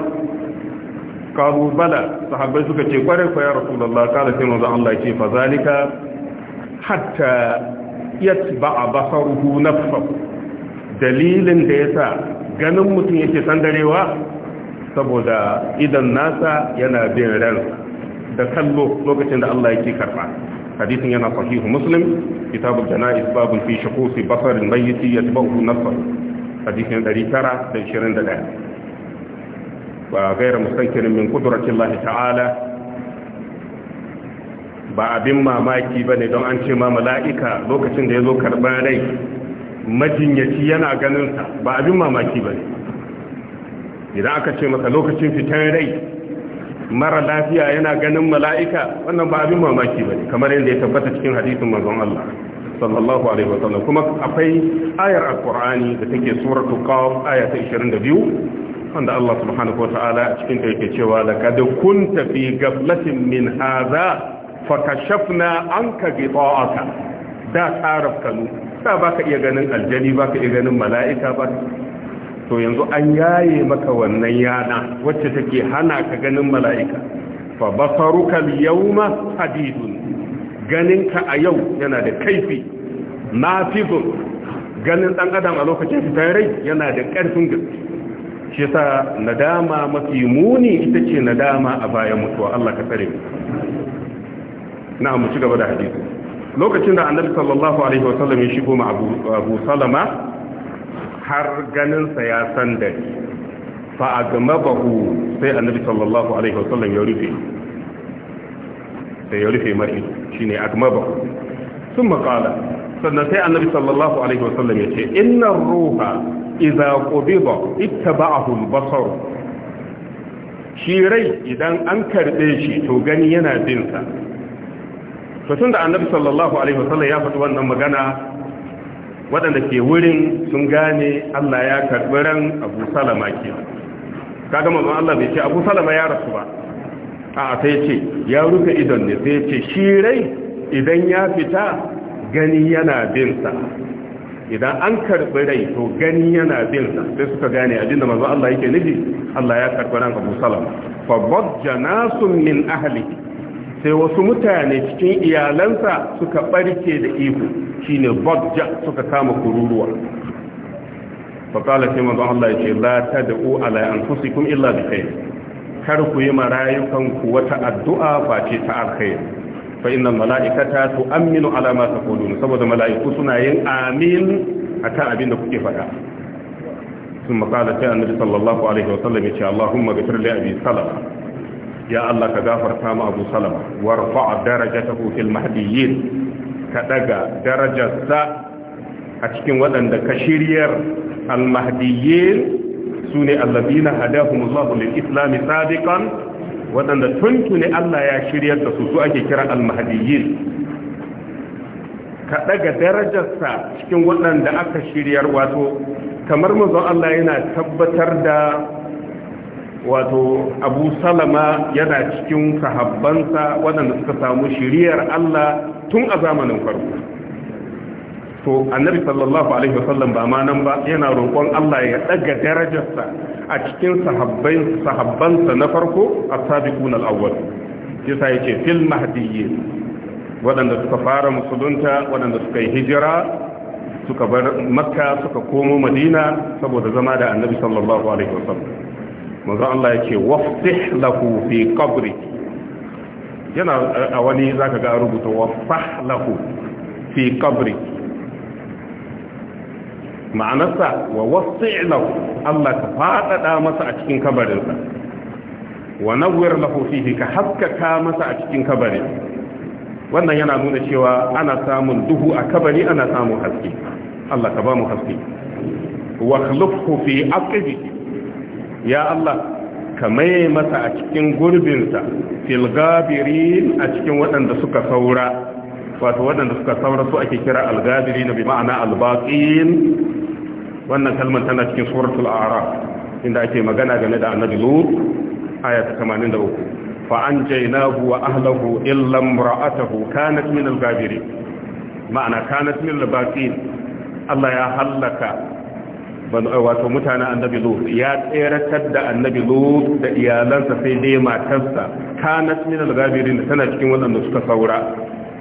qalu bala sahabbai suka ce kware ko ya rasulullah kala sai manzo Allah yake fa zalika hatta yatba basaruhu nafsahu dalilin da yasa ganin mutum yake sandarewa saboda idan nasa yana bin ransa da kallo lokacin da Allah yake karba hadisin yana sahihu muslim kitabul janaiz babun fi shukusi basarin mayyiti yatba'uhu nafsahu hadisin 921 a gaira mustankirin min qudratillahi ta'ala ba abin mamaki ba ne don an ce ma mala'ika lokacin da ya zo karɓar rai majinyaci yana ganinsa ba abin mamaki ba ne idan aka ce maka lokacin fitan rai mara lafiya yana ganin mala'ika wannan ba abin mamaki ba ne kamar yadda ya tabbata cikin hadisin manzon Allah sallallahu alaihi wa sallam kuma akwai ayar alqur'ani da take suratul qaf aya ta 22 wanda Allah subhanahu wa ta'ala cikin ta yake cewa laqad kunta fi ghaflatin min hadha fakashafna an ka gita'aka da taraf kanu da baka iya ganin aljani baka iya ganin mala'ika ba to yanzu an yaye maka wannan yana wacce take hana ka ganin mala'ika fa basaruka al-yawma hadidun ganinka a yau yana da kaifi nafizun ganin dan adam a lokacin fitar yana da karfin gaske shi yasa nadama mafi muni ita ce nadama a bayan mutuwa Allah ka tsare na mu ci gaba da hadisi lokacin da annabi sallallahu alaihi wasallam ya shigo ma abu salama har ganinsa ya sandare fa a sai annabi sallallahu alaihi wasallam ya rufe sai ya rufe mari shine agmabahu sun makala sannan sai annabi sallallahu alaihi wasallam ya ce inna ruha idza qubida ittaba'ahu al-basar shi rai idan an karɓe shi to gani yana bin to da annabi sallallahu alaihi wasallam ya faɗi wannan magana waɗanda ke wurin sun gane Allah ya karɓi ran Abu Salama ke kaga manzon Allah bai ce Abu Salama ya rasu ba a sai ce ya rufe idon ne sai ce shi rai idan ya fita gani yana bin sa idan an karɓi rai to gani yana bin sa sai suka gane abinda manzon Allah yake nufi Allah ya karɓi ran Abu Salama fa bajja min ahlihi sai wasu mutane cikin iyalansa suka barke da ihu shine bagja suka kama kururuwa faƙala ce manzon Allah ya ce la ta da'u ala anfusikum illa da kai. kar ku yi marayukan ku wata addu'a face ta alkhair fa inna malaikata tu'minu ala ma taqulun saboda mala'iku suna yin amin akan abin da kuke faɗa ثم قال النبي صلى الله عليه وسلم إن شاء اللهم اغفر لأبي سلمة ya Allah ka gafarta ma Abu Salama warfa darajatahu fil mahdiyyin ka daga darajarsa a cikin waɗanda ka shiryar al mahdiyyin sune alladina hadahumullahu lil islam sadiqan waɗanda tuntuni Allah ya shiryar da su su ake kira al mahdiyyin ka daga darajarsa cikin waɗanda aka shiryar wato kamar manzon Allah yana tabbatar da wato abu salama yana cikin sahabbansa waɗanda suka samu shiriyar Allah tun a zamanin farko to annabi sallallahu alaihi wasallam ba ma nan ba yana roƙon Allah ya daga darajarsa a cikin sahabbai sahabbansa na farko as-sabiqun al-awwal yasa yake fil mahdiyyin waɗanda suka fara musulunta waɗanda suka yi hijira suka bar makka suka komo madina saboda zama da annabi sallallahu alaihi wasallam manzo Allah yake wafsih lahu fi qabri yana a wani zaka ga rubuta wafah lahu fi qabri ma'anarsa wa wafsih lahu Allah ka fadada masa a cikin kabarinsa wa nawwir lahu fihi ka haskaka masa a cikin kabari, wannan yana nuna cewa ana samun duhu a kabari ana samun haske Allah ka ba mu haske wa khlufhu fi aqibihi ya Allah ka maye masa a cikin gurbinsa filgabirin a cikin waɗanda suka saura wato waɗanda suka saura su ake kira algabiri na bi ma'ana albaƙin wannan kalmar tana cikin suratul araf inda ake magana game da annabi lut aya ta 83 fa an anjaynahu wa ahlihi illa imra'atuhu kanat min algabirin ma'ana kanat min albaqin Allah ya hallaka Eh, wato mutanen annabi lut ya tseratar da annabi lut da iyalansa sai dai matarsa kanat min al-gabirin tana cikin wadanda suka saura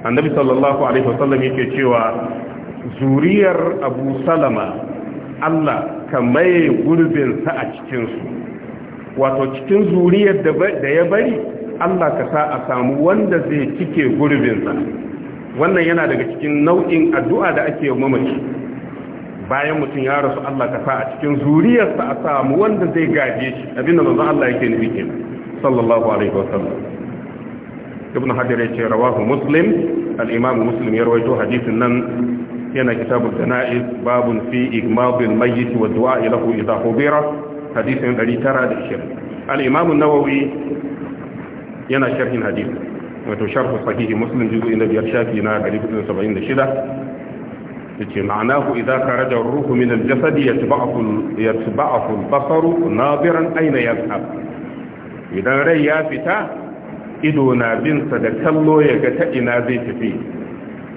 annabi sallallahu alaihi wasallam yake cewa zuriyar abu salama Allah ka maye gurbinsa a cikinsu wato cikin zuriyar da ya bari Allah ka sa a samu wanda zai cike gurbinsa wannan yana daga cikin nau'in addu'a da ake yi mamaci bayan mutum ya rasu Allah ka sa a cikin zuriyarsa a samu wanda zai gaje shi abinda manzon Allah yake nufi kenan sallallahu alaihi wasallam ibn hajar ya ce rawahu muslim al-imam muslim ya rawaito hadisin nan yana kitabul janaiz babun fi igmadil mayyit wa du'a lahu idha hubira hadisin 920 al-imam an-nawawi yana sharhin hadisi wato sharh sahih muslim juz'in da biyar shafi na 176 yace ma'anahu idza kharaja ar-ruhu min al-jasadi yatba'ahu yatba'ahu al-basaru nadiran aina yadhhab idan rai ya fita ido na bin sa da kallo ya ga ta ina zai tafi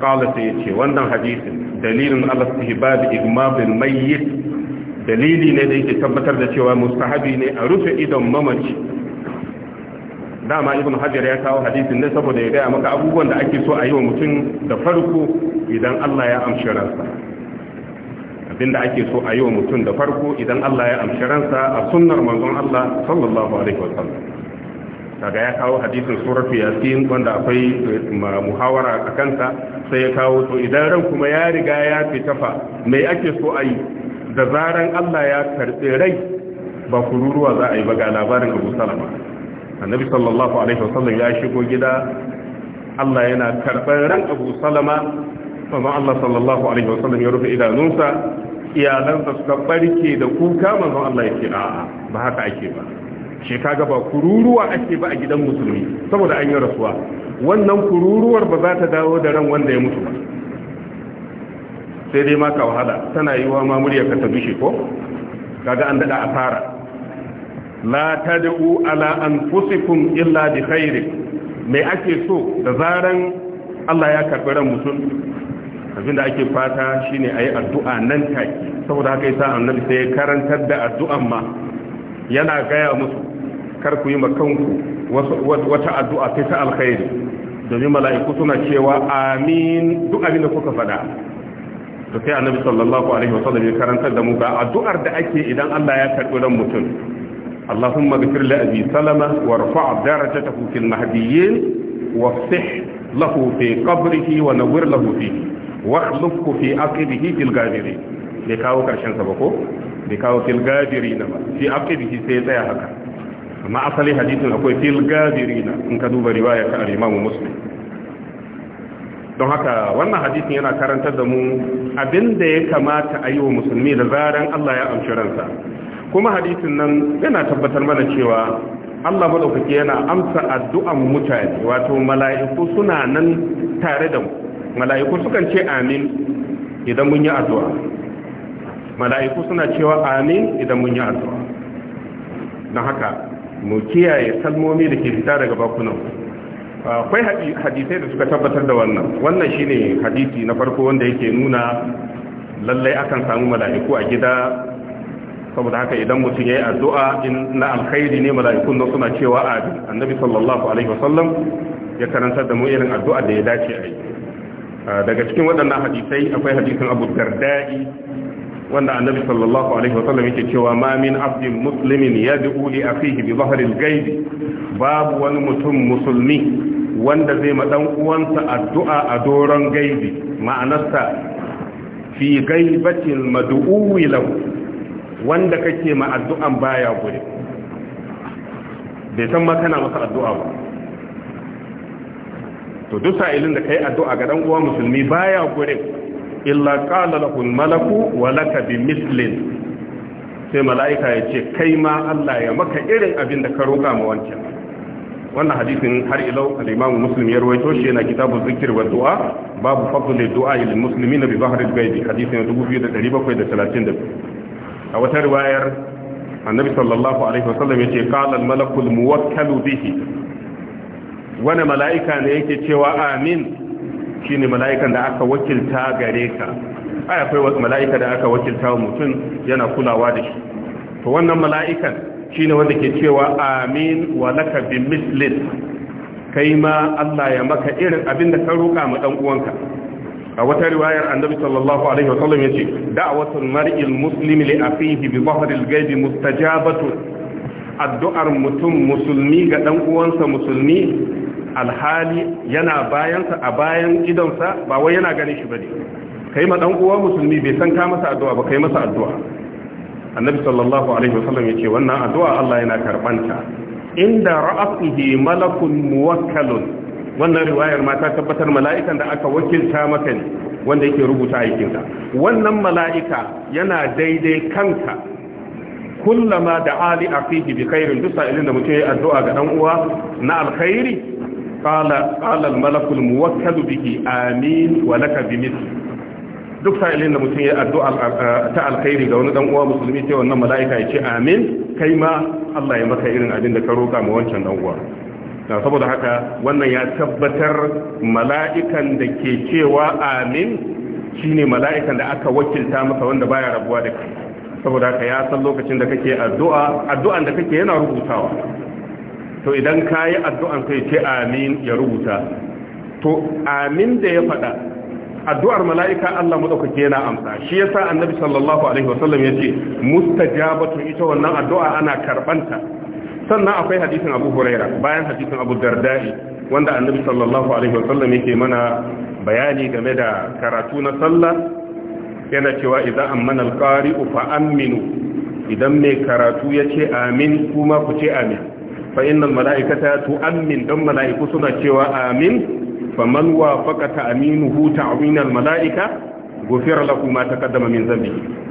qala sai yace wannan hadisin dalilin al-istihbab igmab al-mayyit dalili ne da yake tabbatar da cewa mustahabi ne a rufe idon mamaci dama ibn hajar ya kawo hadisin ne saboda ya gaya maka abubuwan da ake so a yi wa mutum da farko idan Allah ya amshi ransa abinda ake so a yi wa mutum da farko idan Allah ya amshi ransa a sunnar manzon Allah sallallahu alaihi wasallam daga ya kawo hadisin suratu yasin wanda akwai muhawara a kanta sai ya kawo to idan ran kuma ya riga ya fitafa, fa me ake so a yi da zaran Allah ya karɓe rai ba kururuwa za a yi ba ga labarin Abu Salama annabi sallallahu alaihi wasallam ya shigo gida Allah yana karɓar ran Abu Salama manzon Allah sallallahu alaihi wasallam ya rufe idanunsa da suka barke da kuka manzon Allah ce a'a ba haka ake ba shi kaga ba kururuwa ake ba a gidan musulmi saboda an yi rasuwa wannan kururuwar ba za ta dawo da ran wanda ya mutu ba sai dai maka wahala tana yiwa ma murya ka ta dushe ko kaga an dada asara la tad'u ala anfusikum illa bi khairin ake so da zaran Allah ya karɓi ran mutum abinda ake fata shine ayi addu'a nan take saboda haka yasa annabi sai karantar da addu'an ma yana gaya musu kar ku yi makanku wata addu'a sai ta alkhairi domin mala'iku suna cewa amin duk abin da kuka faɗa to sai annabi sallallahu alaihi wasallam ya karantar da mu ga addu'ar da ake idan Allah ya karbi ran mutum اللهم اغفر لأبي سلمة وارفع درجته في المهديين وافتح له في قبره ونور له فيه واخلفه في عقبه في الغابرين bai kawo karshen sa ko bai kawo fil ba fi aqidihi sai tsaya haka amma asali hadisin akwai fil in ka duba riwaya don haka wannan hadisin yana karantar da mu abinda ya kamata a yi wa musulmi da zaran Allah ya amshi ransa kuma hadisin nan yana tabbatar mana cewa Allah madaukaki yana amsa addu'an mutane wato mala'iku suna nan tare da mu mala'iku sukan ce amin idan mun yi addu'a mala'iku suna cewa amin idan mun yi addu'a don haka mu kiyaye salmomi da ke fita daga bakunan akwai hadisai da suka tabbatar da wannan wannan shine hadisi na farko wanda yake nuna lallai akan samu mala'iku a gida saboda haka idan mutum yi addu'a in na alkhairi ne mala'ikun nan suna cewa bi annabi sallallahu alaihi wasallam ya karantar da mu irin addu'a da ya dace a yi daga cikin waɗannan hadisai akwai hadisin Abu Darda'i wanda annabi sallallahu alaihi wasallam yake cewa ma min abdin muslimin yad'u li akhihi bi dhahri al babu wani mutum musulmi wanda zai ma dan uwansa addu'a a doron gaibi ma'anarsa fi gaibatil mad'u lahu wanda kake ma addu'an baya gure bai san ma kana masa addu'a ba to duk sa'ilin da kai addu'a ga dan uwa musulmi baya gure illa qala lahu malaku wa laka bi mislin sai mala'ika ya ce kai ma Allah ya maka irin abin da ka roƙa ma wancan wannan hadisin har ilau al-Imam Muslim ya rawaito shi yana kitabu zikir wa du'a babu fadl du'a lil na bi al ghaib hadisin 2732 a wata riwayar annabi sallallahu alaihi wasallam yace qala al malakul muwakkalu bihi wani mala'ika ne yake cewa amin shine mala'ikan da aka wakilta gare ka ai akwai mala'ika da aka wakilta mutum yana kulawa da shi to wannan mala'ikan shine wanda ke cewa amin wa laka bi mislin kai ma Allah ya maka irin abin da ka roƙa ma dan uwanka a wata riwayar annabi sallallahu alaihi wa wasallam yace da'watul mar'il muslimi li akhihi bi dhahril ghaibi mustajabatu addu'ar mutum musulmi ga dan uwansa musulmi alhali yana bayansa a bayan idonsa ba wai yana ganin shi bane kai ma dan uwa musulmi bai san ka masa addu'a ba kai masa addu'a annabi sallallahu alaihi wa wasallam yace wannan addu'a Allah yana karbanta inda ra'asihi malakun muwakkalun wannan riwayar ma ta tabbatar mala'ikan da aka wakilta maka ne wanda yake rubuta aikinka wannan mala'ika yana daidai kanka kullama da ali aqihi bi khairin duk sa'ilin da mutum ya addu'a ga dan uwa na alkhairi qala qala al-malaku al-muwakkal bihi amin wa bi bimithli duk sa'ilin da mutum ya addu'a eh, ta alkhairi ga wani dan uwa musulmi sai wannan mala'ika ya ce amin kai ma Allah ya maka irin abin da ka roka ma wancan dan uwa saboda haka wannan ya tabbatar mala'ikan da ke cewa amin ne mala'ikan da aka wakilta masa wanda baya rabuwa da kai saboda haka ya san lokacin da kake addu'a addu'an da kake yana rubutawa to idan kayi addu'an sai ce amin ya rubuta to amin da ya faɗa addu'ar mala'ika Allah maɗaukaki yana amsa shi yasa annabi sallallahu alaihi wasallam yace mustajabatu ita wannan addu'a ana karbanta sannan akwai hadisin abu huraira bayan hadisin abu dardai wanda annabi sallallahu alaihi wasallam yake mana bayani game da karatu na sallah yana cewa idan ammana alqari'u fa aminu idan mai karatu yace amin kuma ku ce amin fa innal mala'ikata tu'min dan mala'iku suna cewa amin faman wafaqa ta'minuhu ta'minal mala'ika ghufira lahu ma taqaddama min dhanbihi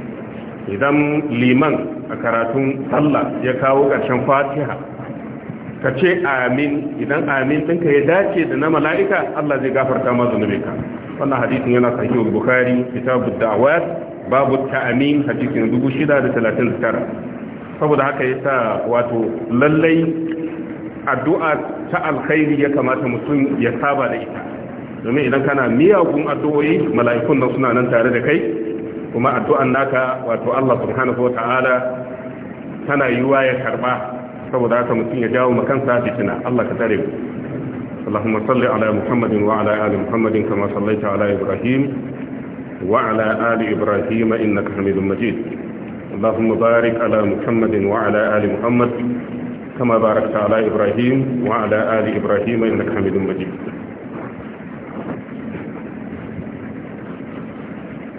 idan liman a karatun sallah ya kawo ƙarshen fatiha ka ce amin idan amin ɗinka ya dace da na mala'ika Allah zai gafarta ma ka wannan hadisun yana sahihul bukhari kitabu da'awat babu ta'amin hadisin 639 saboda haka ya sa wato lallai addu'a ta alkhairi ya kamata mutum ya saba da ita domin idan kana miyagun addu'o'i mala'ikun nan suna nan tare da kai kuma addu'an naka wato Allah subhanahu wa ta’ala tana yi ya karɓa, saboda haka mutum ya jawo makansa da tuna Allah ka tare Allahun matsalli ala Muhammadin wa Ali Muhammadin kama sallaita ala Ibrahim wa Ali Ibrahim inna ka hamidun majid. Allahun mubarak ala Muhammadin wa Ali Muhammad kama barakta ala Ibrahim wa Ali Ibrahim inna ka hamidun majid.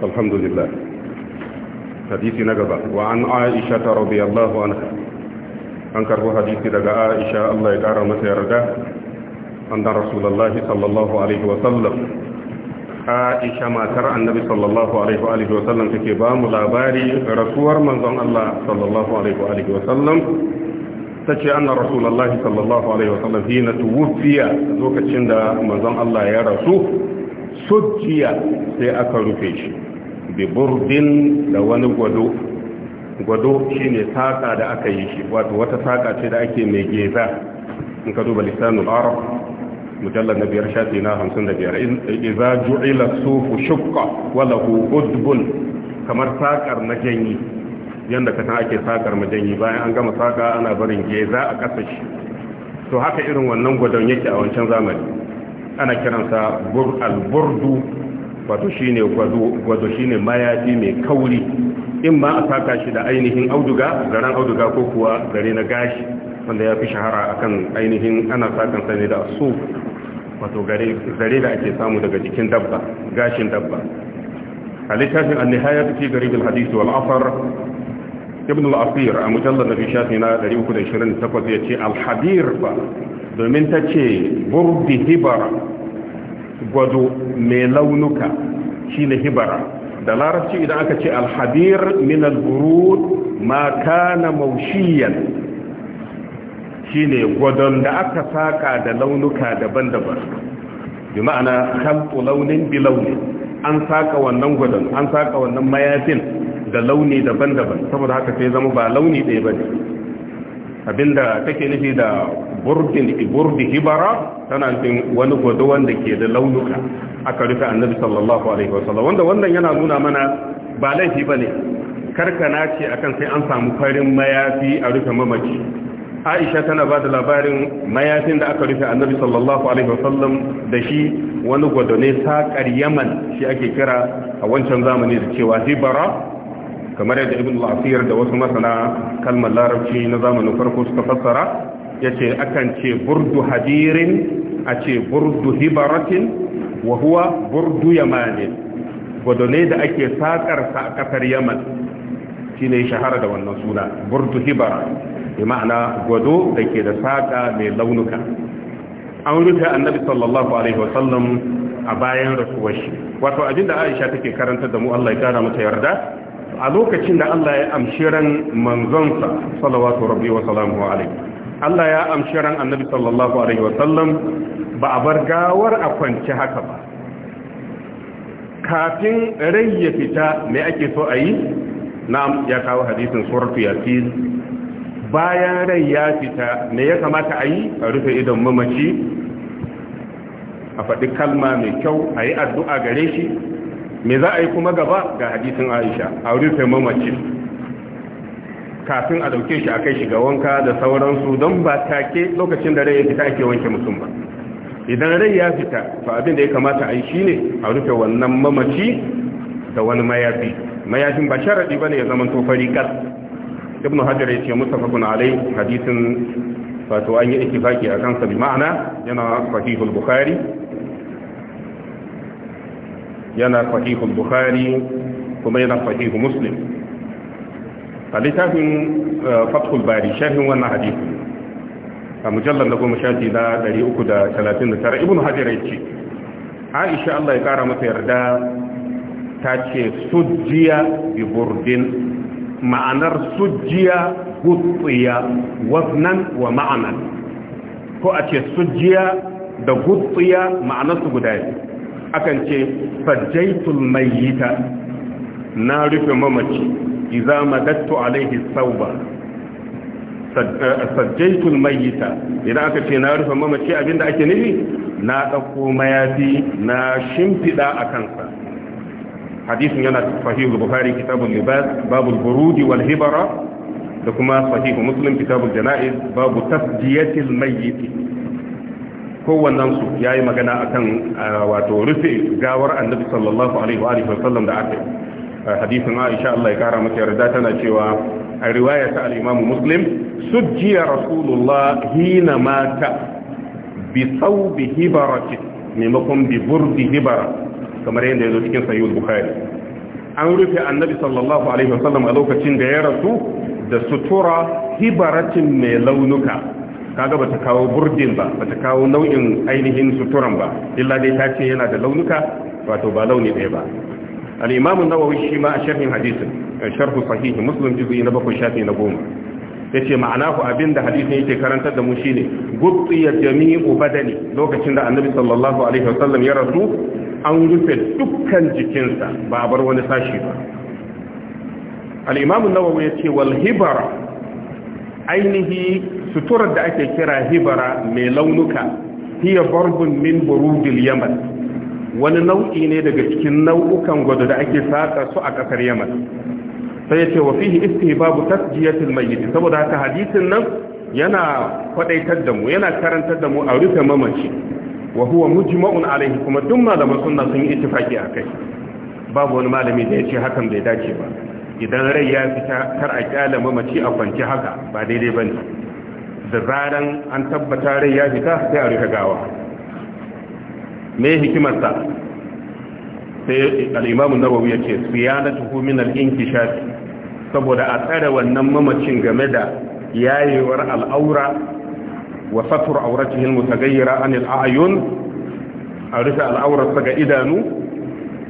الحمد لله حديث نقبة وعن عائشة رضي الله عنها أنكره حديث لقى عائشة الله يقارم سيرده أن رسول الله صلى الله عليه وسلم عائشة ما ترى النبي صلى الله عليه وآله وسلم تكبام لاباري رسول من ظن الله صلى الله عليه وآله وسلم تشي أن رسول الله صلى الله عليه وسلم حين توفي زوكة شند من ظن الله يا رسول سجي سيأكل فيش bi da wani gwado gwado shine saka da aka yi shi wato wata saka ce da ake mai geza in ka duba lisanul arab mujallar na biyar shafi na hamsin da biyar iza ju'ila sufu shukka wala hu udbun kamar sakar majanyi yanda ka san ake sakar majanyi bayan an gama saka ana barin geza a ƙasa shi to haka irin wannan gwadon yake a wancan zamani ana kiransa al-burdu wato ne gwazo shi ne mayafi mai kauri in ma a saka shi da ainihin auduga garan auduga ko kuwa gare na gashi wanda ya fi shahara akan ainihin ana sakan sa ne da su wato gare da ake samu daga jikin dabba gashin dabba a littafin annihaya fi garibin hadisi wal al'afar ibn al a mujallar nabi shafi na 328 ya ce al ba domin ta ce burdi hibara gwado mai launuka shine hibara da larabci idan aka ce alhabir min alburud ma kana maushiyan shine gwadon da aka saka da launuka daban-daban bi ma'ana khalqu launin bi launin an saka wannan gwadon an saka wannan mayafin da launi daban-daban saboda haka sai zama ba launi ɗaya bane abinda take nufi da Burdi iburdi hibara tana nufin wani gwado wanda ke da launuka aka rufe annabi sallallahu alaihi wasallam wanda wannan yana nuna mana ba laifi bane karkana ce akan sai an samu farin mayafi a rufe mamaci Aisha tana ba da labarin mayafin da aka rufe annabi sallallahu alaihi wasallam da shi wani gwado ne sakar Yaman shi ake kira a wancan zamani da cewa hibara kamar yadda ibn al-asir da wasu masana kalmar larabci na zamanin farko suka fassara ya ce akan ce burdu hadirin a ce burdu hibaratin wa huwa burdu yamanin gwadone da ake sakarsa a kasar yaman shi ne shahara da wannan suna burdu hibara bi ma'ana gwado da ke da saka mai launuka an rufe annabi sallallahu alaihi wasallam a bayan rasuwar shi wato abin da aisha take karanta da mu Allah ya gara mata yarda a lokacin da Allah ya amshi ran manzonsa sallallahu rabbi wa salamuhu alaihi Allah ya amshi ran annabi sallallahu alaihi wasallam ba a bar gawar a kwance haka ba kafin rai ya fita me ake so a yi na'am ya kawo hadisin suratu yasin bayan rai ya fita me ya kamata a yi a rufe idon mamaci a faɗi kalma mai kyau a yi addu'a gare shi me za a yi kuma gaba ga hadisin aisha a rufe mamaci. kafin a dauke shi a kai shi ga wanka da sauransu don ba take lokacin da rai ya fita ake wanke mutum ba idan rai ya fita to abin da ya kamata a yi shine a rufe wannan mamaci da wani mayafi mayafin ba ba ne ya zama to fariqat ibnu hajar yace mustafakun alai hadisin wato an yi ittifaki a kansa bi ma'ana yana sahihul bukhari yana bukhari kuma yana sahihu muslim a littafin eh, fathul bari sharhin wannan hadisi a mujallar da goma shafi na 339 ibn ya ce aisha Allah ya kara mata yarda ta ce sujjiya bi burdin ma'anar sujjiya gutsiya wasnan wa ma'ana ko a ce sujjiya da gutsiya ma'anarsu guda yi akan ce fajjaitul mayyita na rufe mamaci iza madattu alaihi sauba sajjaitul mayyita idan aka ce na rufe mamaci abinda ake nufi na ɗauko mayafi na shimfiɗa a kansa hadisin yana sahihul bukhari kitabul libas babul burudi wal da kuma sahihu muslim kitabul janaiz babu tasjiyatil mayyiti kowannen su yayi magana akan wato rufe gawar annabi sallallahu da hadisin Aisha Allah ya kara mata yarda tana cewa a riwaya ta al-Imam Muslim sujjiya Rasulullah hina mata bi thawbi hibarati maimakon bi burdi hibara kamar yadda yazo cikin Sahih Bukhari an rufe Annabi sallallahu alaihi wasallam a lokacin da ya rasu da sutura hibaratin mai launuka kaga bata kawo burdin ba bata kawo nau'in ainihin suturan ba illa dai ta ce yana da launuka wato ba launi ɗaya ba al-imam nawawi shi ma a sharhin hadisin sharh sahih muslim juz'i na bakwai shafi na goma yace ma'anahu abinda hadisin yake karantar da mu shine ya jami'u badani lokacin da annabi sallallahu alaihi wasallam ya rasu an rufe dukkan jikinsa ba a bar wani sashi ba al-imam ya ce yace wal hibara ainihi suturar da ake kira hibara mai launuka hiya barbun min burudil yaman wani nau'i ne daga cikin nau'ukan gwado da ake saka su a kasar yaman sai yace wa fihi babu tasjiyatil mayyit saboda haka hadisin nan yana kwadaitar da mu yana karantar da mu a rufe mamaci wa huwa mujma'un alaihi kuma duk malaman sunna sun yi a akai babu wani malami da yace hakan bai dace ba idan rai ya fita kar a kyala mamaci a kwanci haka ba daidai bane da zaran an tabbata rai ya fita sai a rufe gawa me hikimarsa sai al'imamu nawawi ya ce siyanatuhu min al shafi. saboda a tsare wannan mamacin game da yayewar al'aura wa satur auratihi al-mutaghayyira an al-a'yun a rufe al'aurarsa ga idanu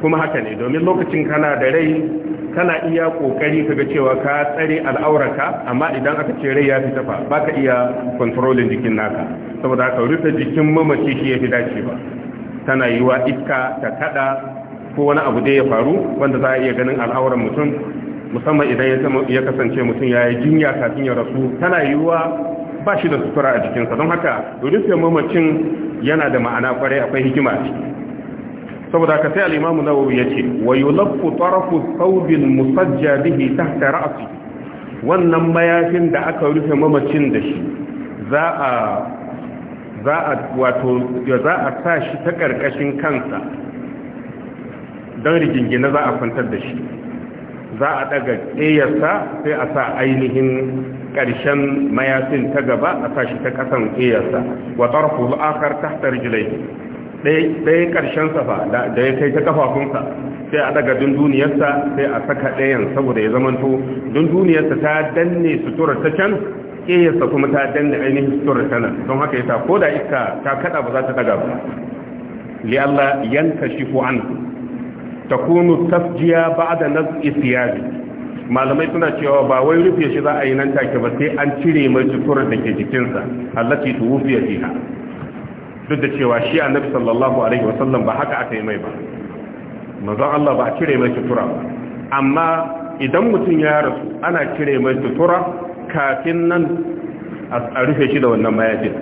kuma haka ne domin lokacin kana da rai kana iya kokari kaga cewa ka tsare al'aurarka amma idan aka ce rai ya fi tafa baka iya kontrolin jikin naka saboda ka rufe jikin mamaci shi ya fi dace ba tana yiwa iska ta kada ko wani abu da ya faru wanda za a iya ganin al'auran mutum musamman idan ya kasance mutum ya yi jinya kafin ya rasu tana yiwa ba shi da sutura a jikinsa don haka rufe mamacin yana da ma'ana kwarai akwai hikima ce. saboda haka sai al'imamu wuri ya ce wa yulaffu tarafu saubin musajja bihi ta ra'si wannan mayafin da aka rufe mamacin da shi za a za a sa shi ta ƙarƙashin kansa don rigingine za a kwantar da shi za a daga ƙeyarsa sai a sa ainihin ƙarshen mayafin ta gaba a sa shi ta ƙasan ƙeyarsa wa tarfu ta hatar jilai ɗaya ƙarshen safa da ya kai ta kafafunsa sai a daga dunduniyarsa sai a saka ɗayan saboda ya zamanto dunduniyarsa ta danne suturar ta can keyarsa kuma ta da ainihin sutura tana don haka yasa ko da iska ta kada ba za ta daga ba li Allah ko an takunu ba da naz'i thiyabi malamai suna cewa ba wai rufe shi za a yi nan take ba sai an cire mai sutura da ke jikinsa allati tuwfiya fiha duk da cewa shi annabi sallallahu alaihi wasallam ba haka aka yi mai ba manzon Allah ba a cire mai sutura ba amma idan mutum ya rasu ana cire mai sutura kafin nan a rufe shi da wannan mayafin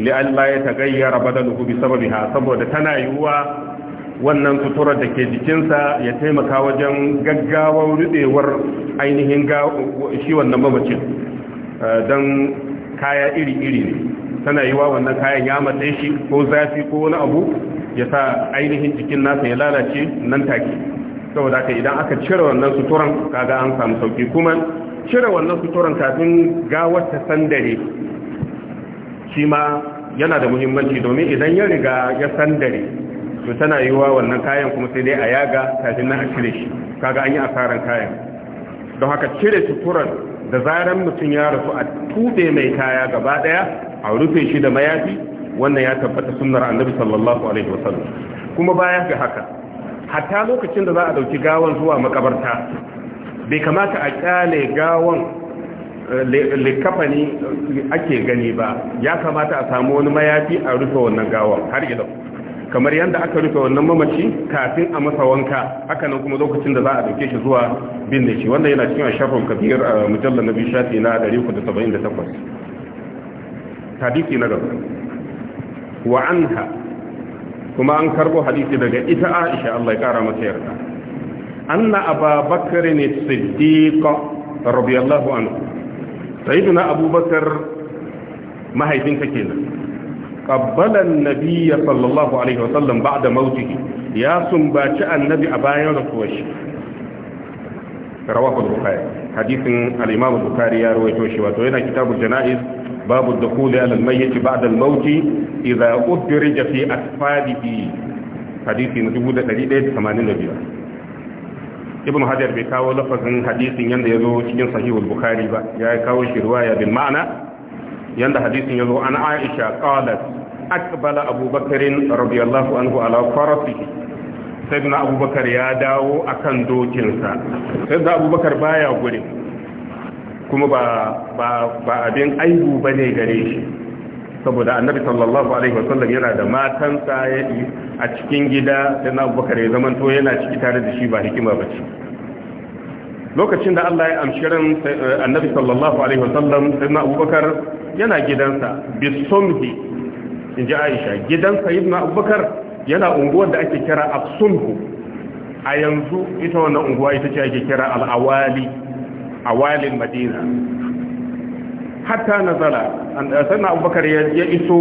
li'alla ya tagayyara badaluhu bi sababiha saboda tana yiwuwa wannan suturar da ke jikinsa ya taimaka wajen gaggawar rudewar ainihin shi wannan mamacin eh, don kaya iri-iri ne tana yiwa wannan kayan ya matse shi ko zafi ko wani abu ya sa ainihin jikin nasa ya lalace nan take saboda ka idan aka cire wannan suturan kaga an samu sauki kuma cire wannan suturan kafin gawar ta sandare shi ma yana da muhimmanci domin idan ya riga ya sandare to tana yiwuwa wannan kayan kuma sai dai a yaga kafin nan a cire shi kaga an yi asarar kayan don haka cire suturan da zaran mutum ya rasu a tube mai kaya gaba ɗaya a rufe shi da mayafi wannan ya tabbata sunnar annabi sallallahu alaihi wasallam kuma baya ga haka hatta lokacin da za a dauki gawan zuwa makabarta bai kamata a kyale gawan eh, likafani ake gani ba ya kamata a samu wani mayafi a rufe wannan gawan har ila kamar yadda aka rufe wannan mamaci kafin a masa wanka haka nan kuma lokacin da za a dauke shi zuwa binne shi wanda yana cikin shafin kabir a eh, mujallar na biyu shafi na 378 hadisi na gaba wa anha kuma an karbo hadisi daga ita Aisha Allah ya kara mata yarda anna Abubakar ne Siddiq radiyallahu anhu sayyiduna Abubakar ka kenan qabbala an-nabiy sallallahu alaihi wasallam ba'da mawtihi ya sumbaci annabi a bayan rasuwar shi rawahu al-bukhari hadisin al-imam al-bukhari ya rawaito shi wato yana kitabul janaiz babu dukhuli ala al-mayyit ba'da al-mawt idza udrija fi asfalihi hadisi na 1185 ibn hajar bai kawo lafazin hadisin yanda yazo cikin sahihul bukhari ba ya kawo shiruwa riwaya bil ma'ana yanda hadisin yazo an aisha qalat akbala abubakar radiyallahu anhu ala farasihi sayyidina abubakar ya dawo akan dokinsa sayyidina abubakar baya gurin kuma ba abin aibu ba ne gare shi saboda annabi sallallahu alaihi wa sallam yana da matan tsaye a cikin gida da na abubakar ya zaman to yana ciki tare da shi ba hikima ba ce lokacin da Allah ya amshi ran eh, annabi sallallahu alaihi wasallam sai na abubakar yana gidansa bisumhi in ji aisha gidansa ibn abubakar yana unguwar da ake kira absunhu a yanzu ita wannan unguwa ita ce ake kira al-awali awalin madina hatta nazala uh, sannan abubakar ya iso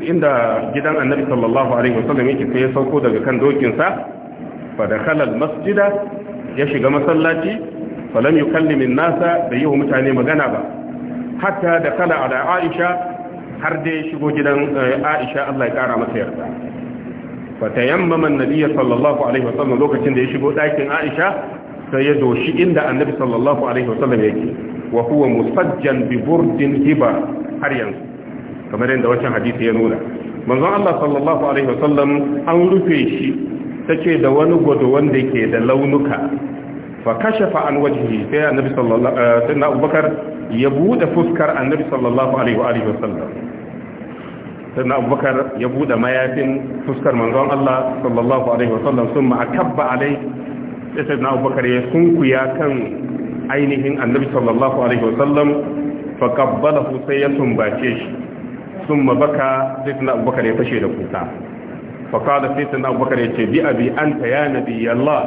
inda gidan annabi sallallahu alaihi wasallam yake sai ya sauko daga kan dokinsa fa da khalal masjida ya shiga masallaci fa falam yukallimin nasa da yi wa mutane magana ba hatta da kala ala aisha har da ya shigo gidan uh, aisha Allah ya kara masa yarda fa tayammama annabiyyi sallallahu alaihi wasallam lokacin da ya shigo dakin aisha sai ya doshi inda annabi sallallahu alaihi wasallam yake wa huwa musajjan bi burdin hiba har yanzu kamar yadda wancan hadisi ya nuna manzon Allah sallallahu alaihi wasallam an rufe shi tace da wani gwado wanda yake da launuka fa kashafa an wajhihi sai annabi sallallahu alaihi eh, Abubakar ya bude fuskar annabi sallallahu alaihi wa alihi wasallam sannan abubakar ya bude mayafin fuskar manzon Allah sallallahu alaihi wasallam sun ma'akabba alai sai sannan abubakar ya sunkuya kan ainihin annabi sallallahu alaihi wasallam fa sai ya sumbace shi summa baka sai abubakar ya fashe da kuka fa qala abubakar ya ce bi abi anta ya nabi allah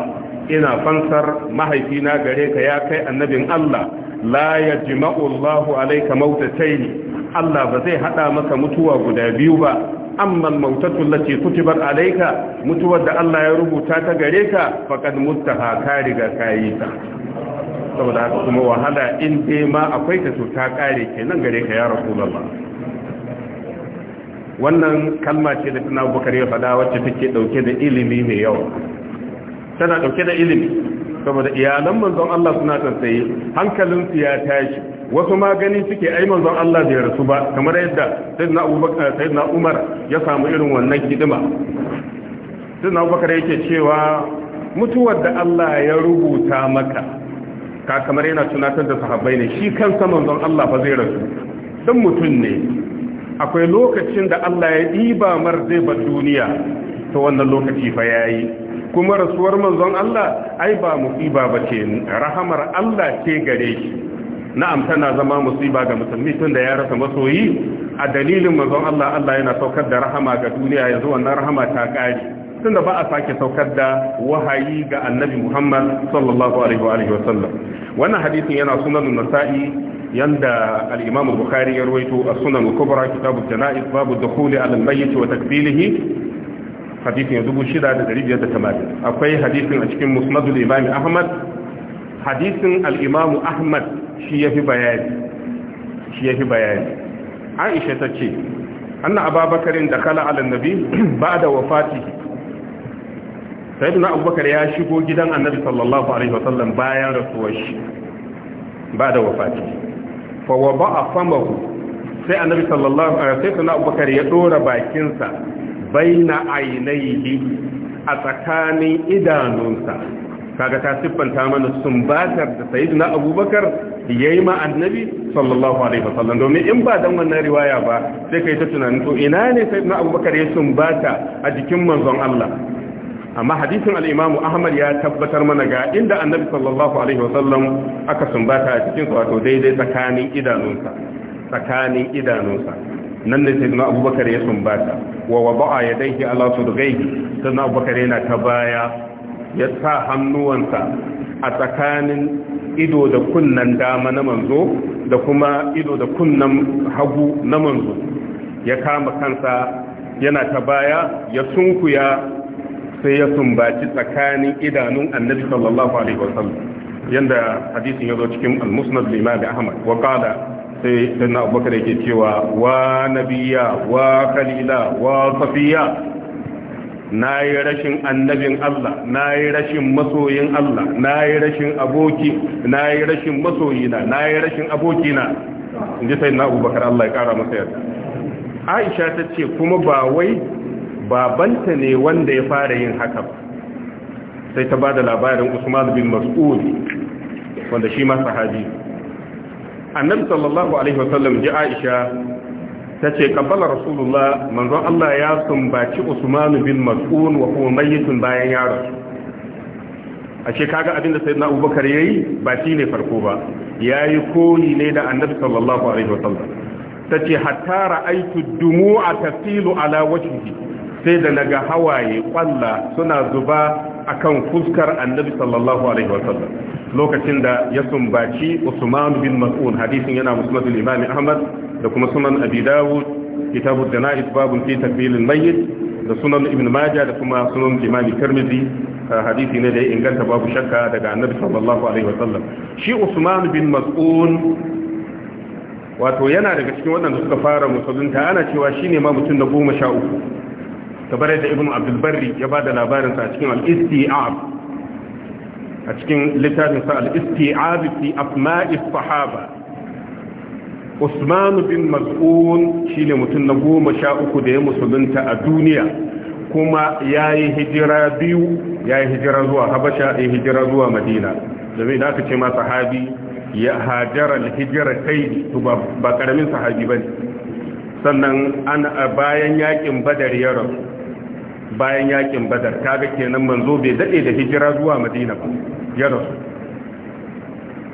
ina fansar mahaifina gare ka ya kai annabin allah la yajma'u allah alayka mautatayn allah ba zai hada maka mutuwa guda biyu ba amma mautatu lati kutibat alayka mutuwar da Allah ya rubuta ta gare ka faqad muttaha ka riga kayi ta saboda haka kuma wahala in dai ma akwai ta to ta kare kenan gare ka ya rasulullah wannan kalma ce da tana bukari ya fada wacce take dauke da ilimi mai yawa tana dauke da ilimi saboda iyalan manzon Allah suna tsaye hankalinsu ya tashi wasu magani suke ai manzon Allah bai rasu ba kamar yadda sayyidina Abubakar sayyidina Umar ya samu irin wannan hidima sayyidina Abubakar yake cewa mutuwar da Allah ya rubuta maka ka kamar yana tunatar da sahabbai ne shi kan kansa manzon Allah ba zai rasu dan mutum ne akwai lokacin da Allah ya ɗiba mar zai bar duniya ta wannan lokaci fa yi kuma rasuwar manzon Allah ai ba musiba bace rahamar Allah ce gare shi na'am tana zama musiba ga musulmi tunda ya rasa masoyi a dalilin manzon Allah Allah yana saukar da rahama ga duniya yanzu wannan rahama ta kare tunda ba a sake saukar da wahayi ga annabi Muhammad sallallahu alaihi wa sallam wannan hadisin yana sunan nasa'i yanda al-imam bukhari ya rawaito a sunan kubra kitabu janaiz babu dukhuli ala al-mayyit wa takfilihi hadisin 6580 akwai hadisin a cikin musnad al-imam ahmad hadisin al-imam ahmad shi yafi bayani shi yafi bayani aisha ta ce anna ababakarin dakala ala an-nabi [clears throat] ba'da wafatihi na abubakar ya shigo gidan annabi sallallahu alaihi wasallam bayan rasuwar shi ba da wafati fa wada'a famahu sai annabi sallallahu alaihi eh, sayyidina abubakar ya dora bakinsa baina ainihi a tsakanin idanunsa kaga ta siffanta mana sumbatar da sayyidina abubakar yayi ma annabi sallallahu alaihi wasallam domin in ba dan wannan riwaya ba sai kai ta tunani to ina ne sayyidina abubakar ya sumbata a jikin manzon Allah amma hadisin al ahmad ya tabbatar mana ga inda annabi sallallahu alaihi wasallam aka sumbata a cikin wato daidai tsakanin idanunsa tsakanin idanunsa nan ne sai na abubakar ya sumbata wa wada'a yadayhi ala sudghayhi sai na abubakar yana ta baya ya sa hannuwansa a tsakanin ido da kunnan dama na manzo da kuma ido da kunnan hagu na manzo ya kama kansa yana ta baya ya sunkuya sai ya sumbaci tsakanin idanun annabi sallallahu alaihi wasallam yanda hadisin ya zo cikin al-musnad limam ahmad wa qala sai sanna abubakar yake cewa wa nabiyya wa khalila wa safiya yi rashin annabin Allah na yi rashin masoyin Allah na yi rashin aboki yi rashin masoyina na yi rashin abokina inji sayyidina abubakar Allah ya kara masa yarda Aisha ta ce kuma ba wai babanta ne wanda ya fara yin haka sai ta ba da labarin Usman bin Mas'ud wanda shi ma sahabi annabi sallallahu alaihi wasallam ji Aisha tace kabbala rasulullah manzon Allah ya sumbaci Usman bin Mas'ud wa huwa mayyitun bayan ya rasu ashe kaga abinda sayyidina Abubakar yayi ba ne farko ba yayi koyi ne da annabi sallallahu alaihi wasallam tace hatta ra'aytu dumu'a tafilu ala wajhihi sai da naga hawaye kwalla suna zuba a kan fuskar annabi sallallahu alaihi wasallam lokacin da ya sumbaci Usman bin Mas'ud hadisin yana musnad al-Imam Ahmad da kuma sunan Abi Dawud kitabud janaiz babun fi takbil al-mayyit da sunan Ibn Majah da kuma sunan Imam Tirmidhi eh, hadisi ne da ya inganta babu shakka daga annabi sallallahu alaihi wasallam shi Usman bin Mas'ud wato yana daga cikin waɗanda suka fara musulunta ana cewa shine ma mutum na goma sha uku kamar yadda ibn abdul barri ya bada labarinsa a cikin al-isti'ab a cikin littafinsa al-isti'ab fi asma'i sahaba Usman bin Mas'un shine mutum na goma sha uku da ya musulunta a duniya kuma ya yi hijira biyu ya yi hijira zuwa habasha ya hijira zuwa madina domin da aka ce ma sahabi ya hajara hijira kai ba karamin sahabi ba ne sannan an bayan yakin badar ya rasu bayan yakin badar kaga kenan manzo bai daɗe da hijira zuwa madina ba ya rasu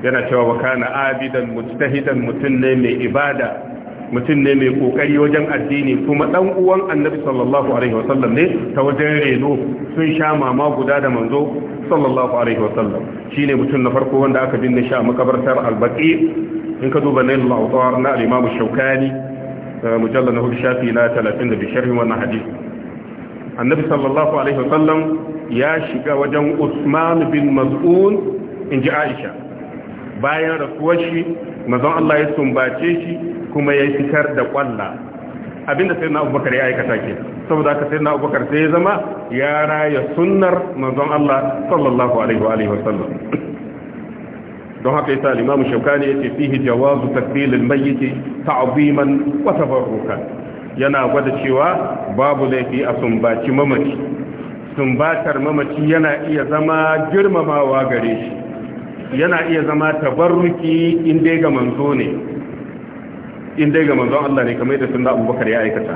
yana cewa wa kana abidan mujtahidan mutum ne mai ibada mutum ne mai kokari wajen addini kuma dan uwan annabi sallallahu alaihi ne ta wajen reno sun sha mama guda da manzo sallallahu alaihi wasallam shine mutum na farko wanda aka binne shi a makabartar albaqi in ka duba nailul awtar na al-imam shaukani eh, mujallad na shafi na 30 da bisharhi wannan hadisi annabi sallallahu alaihi wasallam ya shiga wajen usman bin maz'un in ji aisha bayan rasuwar shi mazan Allah ya sumbace shi kuma ya fitar da kwalla abinda sai na abubakar ya aikata ke saboda haka sai na abubakar sai ya zama ya raya sunnar mazan Allah sallallahu alaihi wa wasallam don haka yasa shauka ne ya ce fihi jawazu takbil al-mayyit ta'ziman wa tabarrukan yana gwada cewa babu laifi a sumbaci mamaci sumbatar mamaci yana iya zama girmamawa gare shi yana iya zama tabarruki inda ga manzo ne inda ga manzo Allah ne kamar yadda da Abubakar ya aikata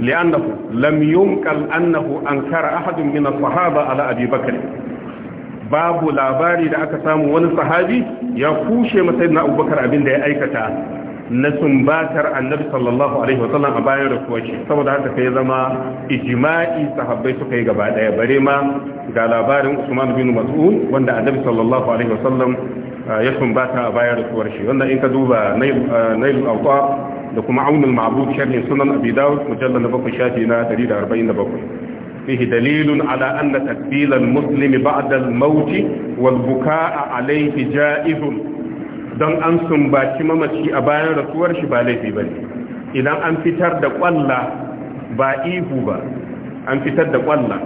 li'annahu lam yunqal annahu ankara ahadun min as-sahaba ala Abi Bakr babu labari da aka samu wani sahabi ya kushe masa Abubakar abin da ya aikata na sumbatar annabi sallallahu alaihi wasallam a bayan rasuwar shi saboda haka sai zama ijma'i sahabbai suka yi gaba daya bare ma ga labarin Usman bin Mas'ud wanda annabi sallallahu alaihi wasallam uh, ya sumbata a bayan rasuwar shi wanda in ka duba Nail uh, al-Awqa da kuma Aun al-Ma'bud sharhi Sunan Abi Dawud mujallal 7 shafi na 147 فيه دليل على أن تكبيل المسلم بعد الموت والبكاء عليه جائز don an sumbaci mamaci a bayan rasuwar shi ba laifi ba ne idan an fitar da kwalla ba ihu ba an fitar da kwalla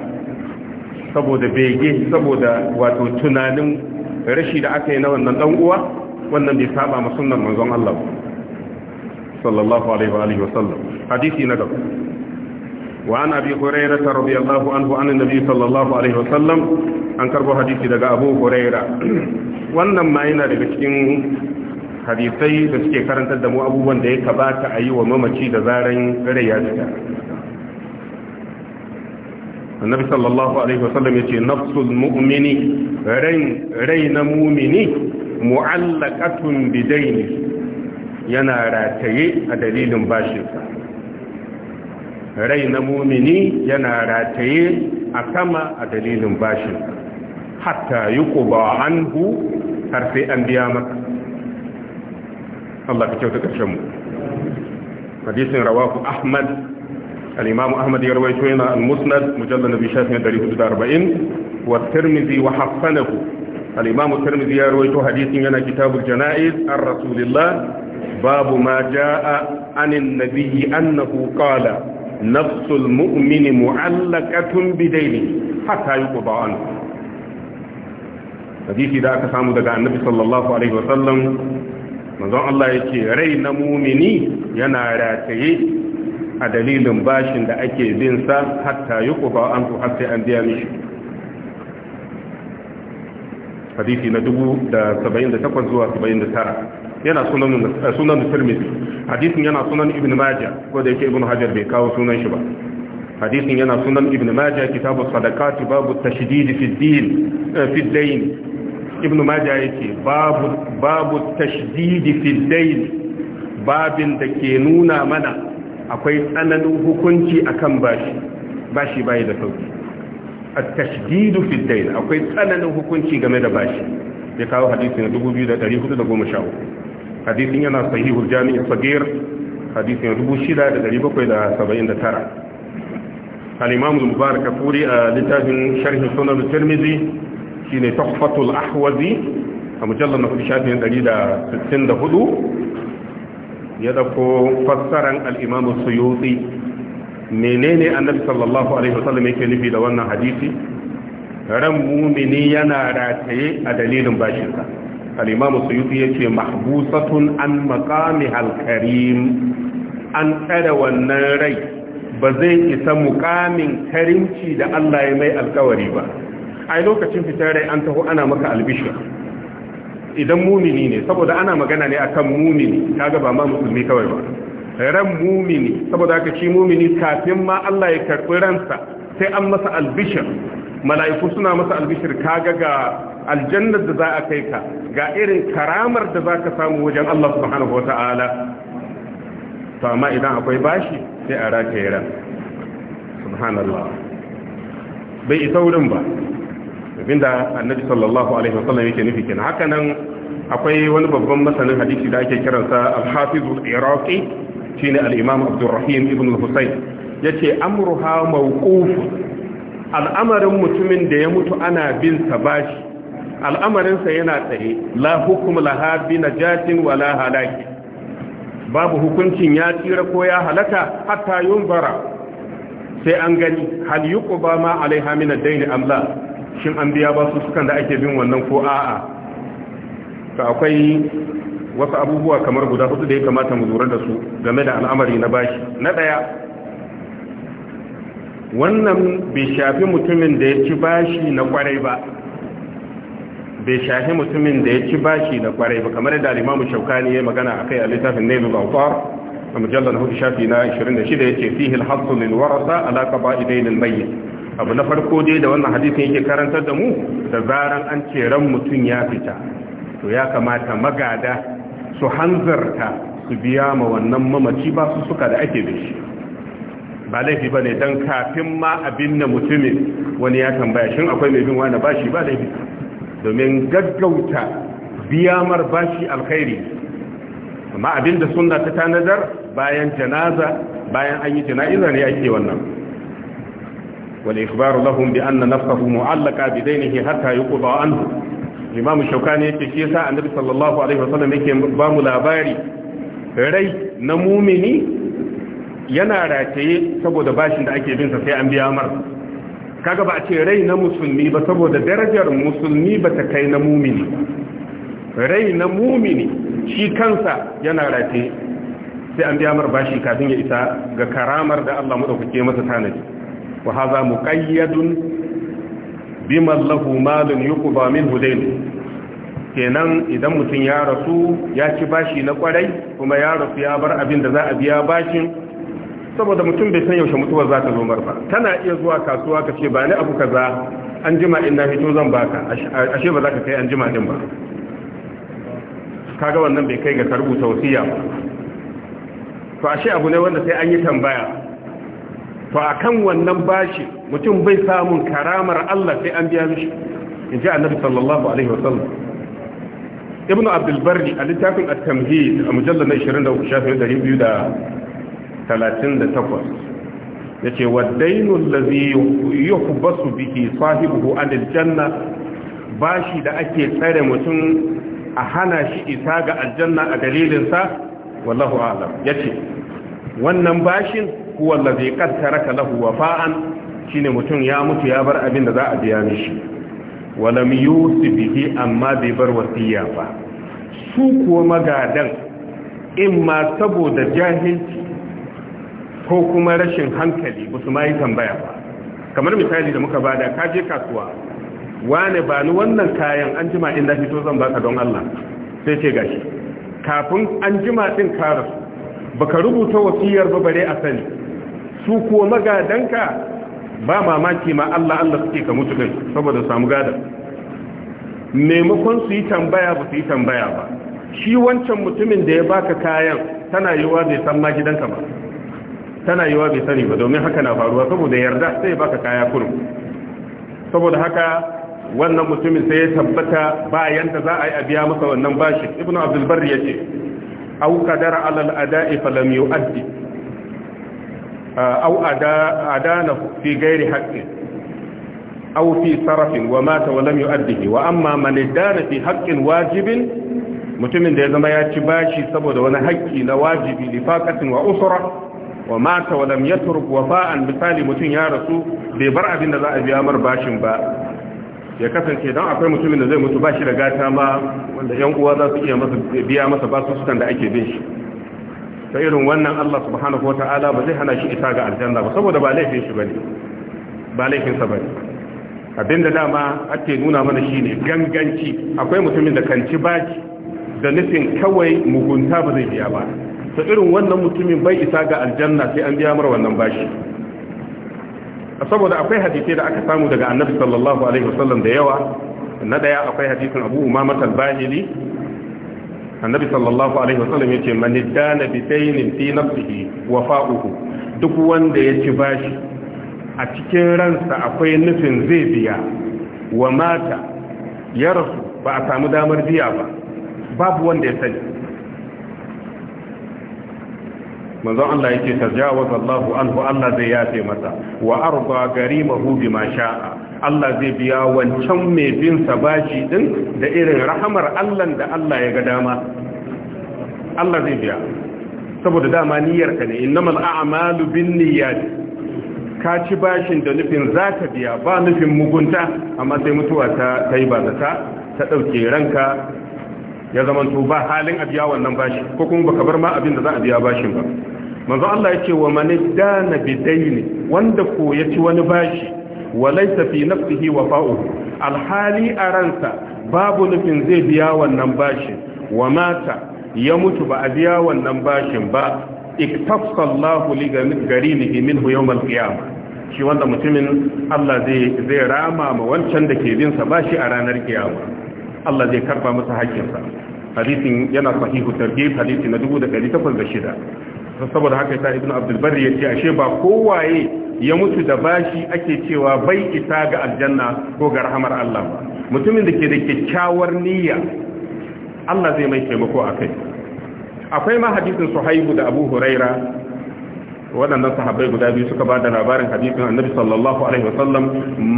saboda bege saboda wato tunanin rashi da aka yi na wannan dan uwa wannan bai saba ma sunnar manzon Allah sallallahu alaihi wa alihi sallam hadisi na gaba وعن أبي هريرة رضي الله عنه عن النبي صلى الله عليه وسلم أن كربو حديث دقاء أبو هريرة وأنما أين لبكين hadisai da suke karantar da mu abubuwan da ya kabata a yi wa mamaci da zarar rai ya jika sallallahu alaihi wasallam ya ce nafsul mu'mini rai na mumini mu'allakatun bidaini yana rataye a dalilin bashinsa rai na mumini yana rataye a sama a dalilin bashin hatta yi ƙuba anhu har sai an biya maka Allah ka kyauta ƙarshen mu hadisin rawaku ahmad al-imam ahmad ya rawaito yana al-musnad mujallal nabi shafin 440 wa tirmizi wa hasanahu al-imam tirmizi ya rawaito hadisin yana kitabul janaiz ar rasulillah babu ma jaa anin nabiyyi annahu qala nafsul mu'mini mu'allaqatun bidaini hatta yuqda an hadisi da aka samu daga annabi sallallahu alaihi wasallam manzon Allah yake rai na mumini yana rataye a dalilin bashin da ake bin sa hatta yuqda an har sai an biya mishi hadisi na 78 zuwa 79 yana eh, sunan tirmidhi hadisin yana sunan ibn majah ko da yake ibn hajar bai kawo sunan shi ba Hadisun yana sunan ibn majah kitabu sadaqati babu Tashididi fi eh, ibn majah yake babu Tashididi tashdid fi babin da ke nuna mana akwai tsananin hukunci akan bashi bashi bai da sauki A tashdid fi akwai tsananin hukunci game da bashi ya kawo hadisi na 2413 hadisin yana sahihul jami'in fagir hadisin 6779 al-imam al-mubarak furi a littafin sharh sunan tirmidhi shine tuhfatul ahwazi a mujallar na shafin 164 ya dako fassaran al-imam suyuti menene annabi sallallahu alaihi wasallam yake nufi da wannan hadisi ran mumini yana rataye a dalilin bashinsa al السيوطي suyuti محبوسة عن an الكريم al-karim an tsare wannan rai ba zai isa mukamin karimci da Allah ya mai alkawari ba ai lokacin مكا rai an taho ana maka albishir idan mumini ne saboda ana magana ne akan mumini kaga ba ma musulmi kawai ba ran mumini saboda haka shi mumini kafin ma Allah ya karɓi ransa sai an masa albishir mala'iku suna masa albishir kaga ga aljannar da za a kai ka ga irin karamar da za ka samu wajen Allah subhanahu to amma idan akwai bashi sai a rataye ran subhanallah bai isa wurin ba abinda annabi sallallahu alaihi wasallam yake nufi kenan haka nan akwai wani babban masanin hadisi da ake kiransa al-hafiz al-iraqi shine al-imam abdurrahim ibn al-husayn yace amruha mawquf al'amarin mutumin da ya mutu ana bin sa bashi al'amarinsa yana tsaye la hukum laha na najatin wala halaki babu hukuncin ya tsira ko ya halaka hatta yunzara sai an gani hal yuqba ma alaiha min ad-dayn shin an biya ba su sukan da ake bin wannan ko a'a to akwai wasu abubuwa kamar guda hudu da ya kamata mu lura da su game da al'amari na bashi na ɗaya. wannan bai shafi mutumin da ya ci bashi na kwarai ba bai shafi mutumin da ya ci bashi da kwarai ba kamar da limamu shaukani ya magana a kai a littafin nailul autar a mujallar hudu shafi na 26 ya ce fihil hasu lil warasa alaka qaba idainil mayyit abu na farko dai da wannan hadisin yake karantar da mu da zaran an ce ran mutum ya fita to ya kamata magada su hanzarta su biya ma wannan mamaci ba su suka da ake da ba laifi ba ne don kafin ma abin na mutumin wani ya tambaya shin akwai mai bin wani ba shi ba laifi domin gaggauta biyamar bashi alkhairi amma abinda sunna ta tanadar bayan janaza bayan an yi jana'iza ne ake wannan wal ikhbaru lahum bi anna nafsahu mu'allaqa bi daynihi hatta yuqda anhu imamu shaukani yake shi yasa annabi sallallahu alaihi wasallam yake ba mu labari rai na mumini yana rataye saboda bashin da ake bin sa sai an biya mar kaga ba a ce rai na musulmi ba saboda darajar musulmi ba ta kai na mumini rai na mumini shi kansa yana rafe sai an biya mar bashi kafin ya isa ga karamar da Allah madaukake masa tanadi wa haza muqayyadun biman lahu malun yuqba minhu dayn kenan idan mutum ya rasu ya ci bashi na kwarai kuma ya rasu ya bar abin da za a biya bashin saboda mutum bai san yaushe mutuwar za ta zo mar ba tana iya zuwa kasuwa ka ce ba ni abu kaza an jima in na fito zan baka ashe ba za ka kai an jima din ba kaga wannan bai kai ga ka rubuta wasiya ba to ashe abu ne wanda sai an yi tambaya to akan wannan bashi mutum bai samun karamar Allah sai an biya mishi in ji annabi sallallahu alaihi wa sallam. ibnu abdul barri a littafin at-tamhid a mujallal 23 shafin 200 38 ya ce waddainun lazi yuhbasu bihi sahibu anil janna bashi da ake tsare mutum a hana shi isa ga aljanna a dalilinsa wallahu alam yace wannan bashin huwa allazi qad taraka lahu wafa'an shine mutum ya mutu ya bar abin da za a biya mishi walam su bihi amma bai bar wasiya ba su kuwa magadan imma saboda jahilci ko kuma rashin hankali ba su ma yi tambaya ba kamar misali da muka bada ka je kasuwa wane ba ni wannan kayan an jima inda fito zan baka don Allah sai ce gashi kafin an jima din ka rasu baka rubuta wasiyar ba bare a sani su kuwa magadanka ba mamaki ma Allah Allah suke ka mutu kai saboda samu gadan maimakon su yi tambaya ba su yi tambaya ba shi wancan mutumin da ya baka kayan tana yiwuwa bai san ma gidanka ba tana wa bai sani ba domin haka na faruwa saboda yarda sai baka kaya kurum saboda haka wannan mutumin sai ya tabbata bayan da za a yi a biya masa wannan bashi Ibn abdul ya ce au kadara alal ada'i falam yu'addi au adana fi gairi haqqin au fi sarafin wa mata wa lam yu'addihi wa amma man idana fi haqqin wajibin mutumin da ya zama ya ci bashi saboda wani haƙƙi na wajibi lifaqatin wa usra wa mata wa lam yatruk wafa'an misali mutum ya rasu bai bar abin da za a biya mar bashin ba ya kasance dan akwai mutumin da zai mutu bashi da gata ma wanda yan uwa za su iya masa biya masa basu sukan da ake bin shi ta irin wannan Allah subhanahu wata'ala ba zai hana shi isa ga aljanna ba saboda ba laifin shi bane ba laifin sa bane abinda dama ake nuna mana shine ganganci akwai mutumin da kan ci baki da nufin kawai mugunta ba zai biya ba ta irin wannan mutumin bai isa ga aljanna sai an biya mar wannan bashi saboda akwai hadisai da aka samu daga annabi sallallahu alaihi wasallam da yawa na daya akwai hadisin abu umama al-bahili annabi sallallahu alaihi wasallam yace man iddana bi daynin fi nafsihi wafa'uhu duk wanda ya ci bashi a cikin ransa akwai nufin zai biya wa mata ya rasu ba a samu damar biya ba babu wanda ya sani manzon Allah yake tajawaz Allahu anhu Allah zai yafe masa wa arba garimahu bima sha'a Allah zai biya wancan mai bin sa bashi din da irin rahamar Allah da Allah ya ga dama Allah zai biya saboda dama ka ne innamal a'malu binniyat ka ci bashin da nufin zaka biya ba nufin mugunta amma sai mutuwa ta kai ba ta dauke ranka ya zamanto ba halin a biya wannan bashi ko kuma baka bar ma abin da za a biya bashin ba manzo Allah ce wa man dana bidaini wanda ko ci wani bashi walaysa fi nafsihi wafa'u alhali a ransa babu nufin zai biya wannan bashin wa mata ya mutu ba a biya wannan bashin ba iktafsa Allahu li garinihi minhu yawm al shi wanda mutumin Allah zai zai rama ma wancan da ke bin sa bashi a ranar kiyama Allah zai karba masa hakkinsa hadisin yana sahihu targhib hadisi na 1806 saboda haka yasa ibnu abdul ya ce ashe ba kowaye ya mutu da bashi ake cewa bai isa ga aljanna ko ga rahmar Allah mutumin da ke da kyakkyawar niyya Allah zai mai taimako kai. akwai ma hadisin suhaibu da abu huraira waɗannan sahabbai guda biyu suka ba da labarin hadisin annabi sallallahu alaihi wasallam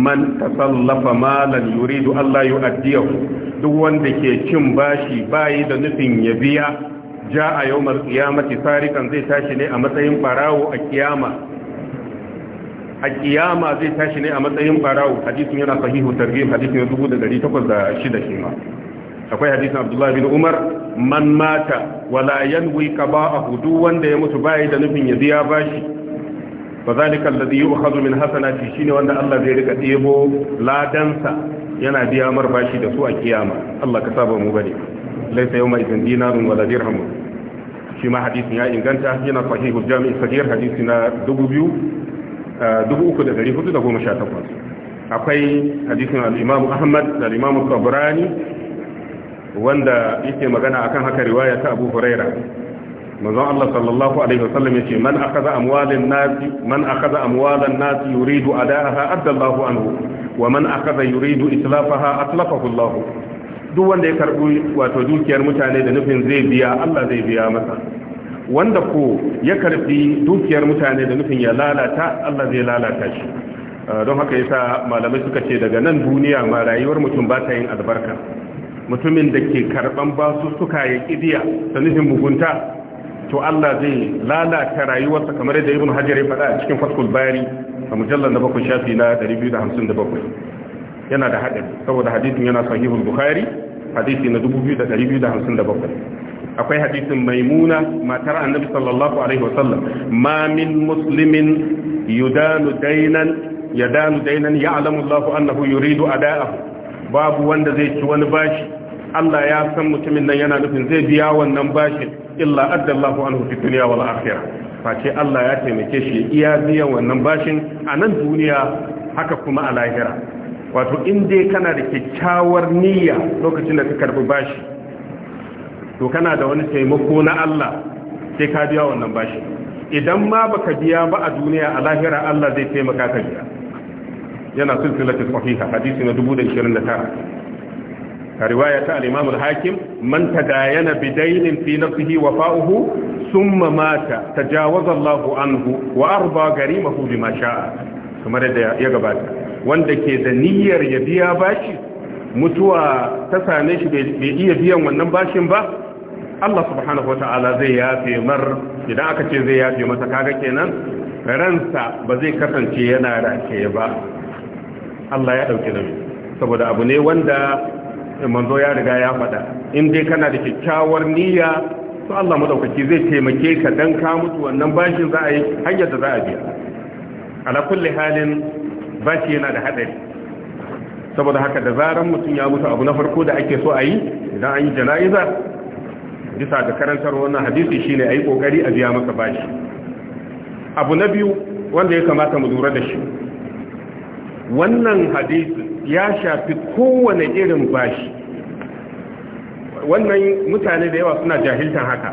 man tasallafa malan yuridu Allah yu'addiyahu duk wanda ke cin bashi bayi da nufin ya biya ja a yawmar qiyamati sarikan zai tashi ne a matsayin barawo a kiyama a kiyama zai tashi ne a matsayin barawo hadisin yana sahihu targhib hadisin 1806 shi ma akwai hadisin Abdullah bin Umar man mata wala yanwi qaba'ahu duk wanda ya mutu bai da nufin ya biya bashi fa zalika alladhi yu'khadhu min hasanati shine wanda Allah zai rika debo ladansa yana biya mar bashi da su a kiyama Allah ka saba mu ba ne yawma idin shi ma hadisin ya inganta yana sahihul jami'in sahihar hadisi na 2418 akwai hadisin al Ahmad da al-Imam wanda yake magana akan haka riwaya ta Abu Huraira manzon Allah sallallahu alaihi wasallam yace man akhadha amwalan man akhadha amwalan yuridu anhu wa man akhadha yuridu islafaha atlafahu duk wanda ya karbi wato dukiyar mutane da nufin zai biya Allah zai biya masa wanda ko ya karbi dukiyar mutane da nufin ya lalata Allah zai lalata shi uh, don haka yasa malamai suka ce daga nan duniya ma rayuwar mutum ba ta yin albarka mutumin da ke karban basu suka ya kidiya da nufin mugunta to Allah zai lalata rayuwarsa kamar yadda Ibn Hajar ya faɗa a cikin Fathul Bari a mujallar da bakwai shafi na 257 yana da haɗari saboda hadisin yana sahihul Bukhari hadisi na 2257 akwai hadisin maimuna matar annabi sallallahu alaihi sallam ma min muslimin yudanu dainan yadanu dainan ya'lamu Allahu annahu yuridu ada'ahu babu wanda zai ci wani bashi Allah ya san mutumin nan yana nufin zai biya wannan bashi illa allahu anhu fi dunya wal akhirah face Allah ya taimake shi iya biya wannan bashin a nan duniya haka kuma a lahira wato in dai kana da kyakkyawar niyya lokacin da ka karbi bashi to kana da wani taimako na Allah sai ka biya wannan bashi idan ma baka biya ba a duniya a lahira Allah zai taimaka ka biya yana silsilatu sahiha hadisi na 1029 ka riwaya ta al-Imam al-Hakim man tadayana bidainin fi nafsihi wafa'uhu thumma mata tajawaza Allahu anhu wa arba garimahu bima sha'a kamar da ya gabata wanda ke da niyyar ya biya bashi mutuwa ta same shi bai iya biyan wannan bashin ba Allah subhanahu wata'ala zai yafe mar idan aka ce zai yafe masa kaga kenan ransa ba zai kasance yana rake ba Allah ya dauki nauyi saboda abu ne wanda manzo ya riga ya faɗa in dai kana da kyakkyawar niyya to Allah madaukaki zai taimake ka dan ka mutu wannan bashin za a yi hanyar da za a biya ala kulli halin bashi yana da hadari saboda haka da zaran mutum ya mutu abu na farko da ake so a yi idan an yi jana'iza bisa ga karantar wannan hadisi shine a yi kokari a biya masa bashi abu na biyu wanda ya kamata mu lura da shi wannan hadisi ya shafi kowane irin bashi wannan mutane da yawa suna jahiltan haka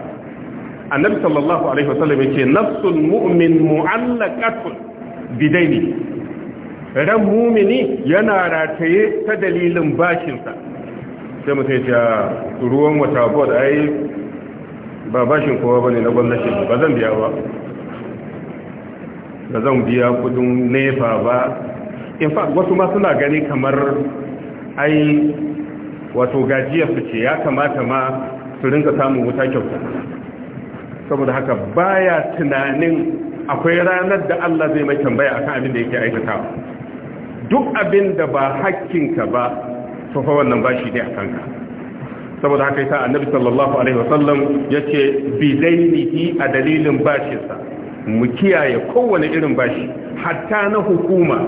annabi sallallahu alaihi wasallam yace nafsul mu'min mu'allaqatun bidaini ran mumini yana rataye ta dalilin bashinsa sai mutum ya ah, ruwan wata bod ai ba bashin kowa bane na gwamnati ba zan biya ba ba zan biya kudin nefa ba in fa wasu ma suna gani kamar ai wato gajiya su ce ya kamata ma su rinka samun wuta kyauta saboda haka baya tunanin akwai ranar da Allah zai mai tambaya akan abin da yake aikata. duk abin da ba hakkinka ba fa wannan bashi ne a kanka saboda haka yasa annabi sallallahu alaihi wasallam yace bidainihi a dalilin bashinsa mu kiyaye kowane irin bashi hatta na hukuma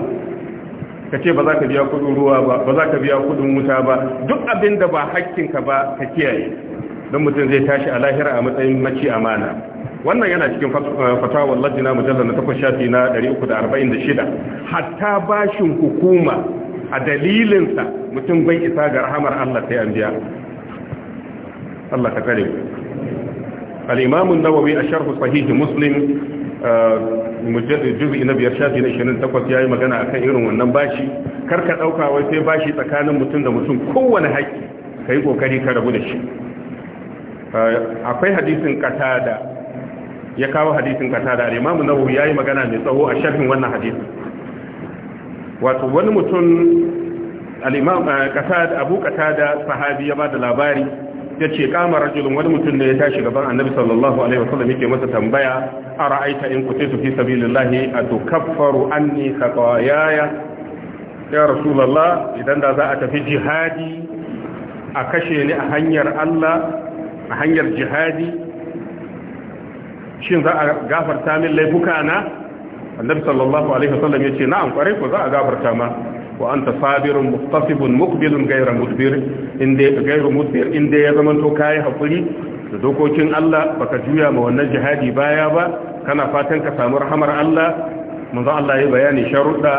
kace ba za ka biya kudin ruwa ba ba za ka biya kudin wuta ba duk abin da ba hakkinka ba ka kiyaye don mutum zai tashi a lahira a matsayin maci amana wannan yana cikin eh, fatawa na mujallar na takwas shafi na 346 hatta bashin hukuma a dalilinsa mutum bai isa ga rahamar Allah sai an biya Allah ka kare al-imam an-nawawi a sharh sahih muslim eh, juz'i na biyar shafi na 28 yayi magana akan irin wannan bashi karka dauka wai sai bashi tsakanin mutum da mutum kowane haƙi kai kokari ka rabu da shi akwai hadisin katada ya kawo hadisin katada al-imamu nawawi yayi magana mai tsawo a sharhin wannan hadisi wato wani mutum al-imam katada eh, abu katada sahabi ya bada labari yace kama rajulun wani mutum ne ya tashi gaban annabi sallallahu alaihi wasallam yake masa tambaya ara'aita in kutitu fi sabilillahi atukaffaru anni khataaya ya rasulullah idan da za a tafi jihadi a kashe ni a hanyar Allah a hanyar jihadi shin za a gafarta min laifuka na annabi sallallahu alaihi wasallam yace na'am kwarai ko za a gafarta ma wa anta sabirun muqtasibun muqbilun ghayra mudbir inda ghayra mudbir inda ya zaman to kai hakuri da dokokin Allah baka juya ma wannan jihadi baya ba kana fatan ka samu rahmar Allah manzo Allah ya bayani sharuɗa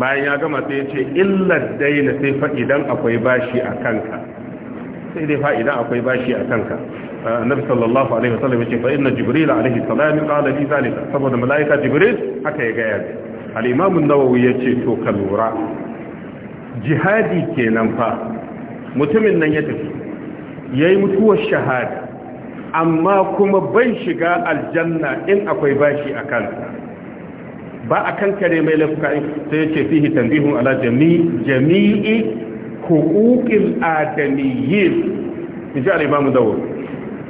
bayan ya gama sai ya ce illar daina sai fa idan akwai bashi a kanka sai dai fa idan akwai bashi a kanka annabi sallallahu alaihi wasallam yace fa inna jibril alaihi salam qala fi zalika saboda malaika jibril haka ya gaya al-imam an-nawawi yace to kalura jihadi kenan fa mutumin nan ya tafi yayi mutuwar shahada amma kuma ban shiga aljanna in akwai bashi a kanka ba a kankare mai laifuka sai yace fihi tanbihun ala jami'i jami'i huquqil adamiyyin inji al-imam dawud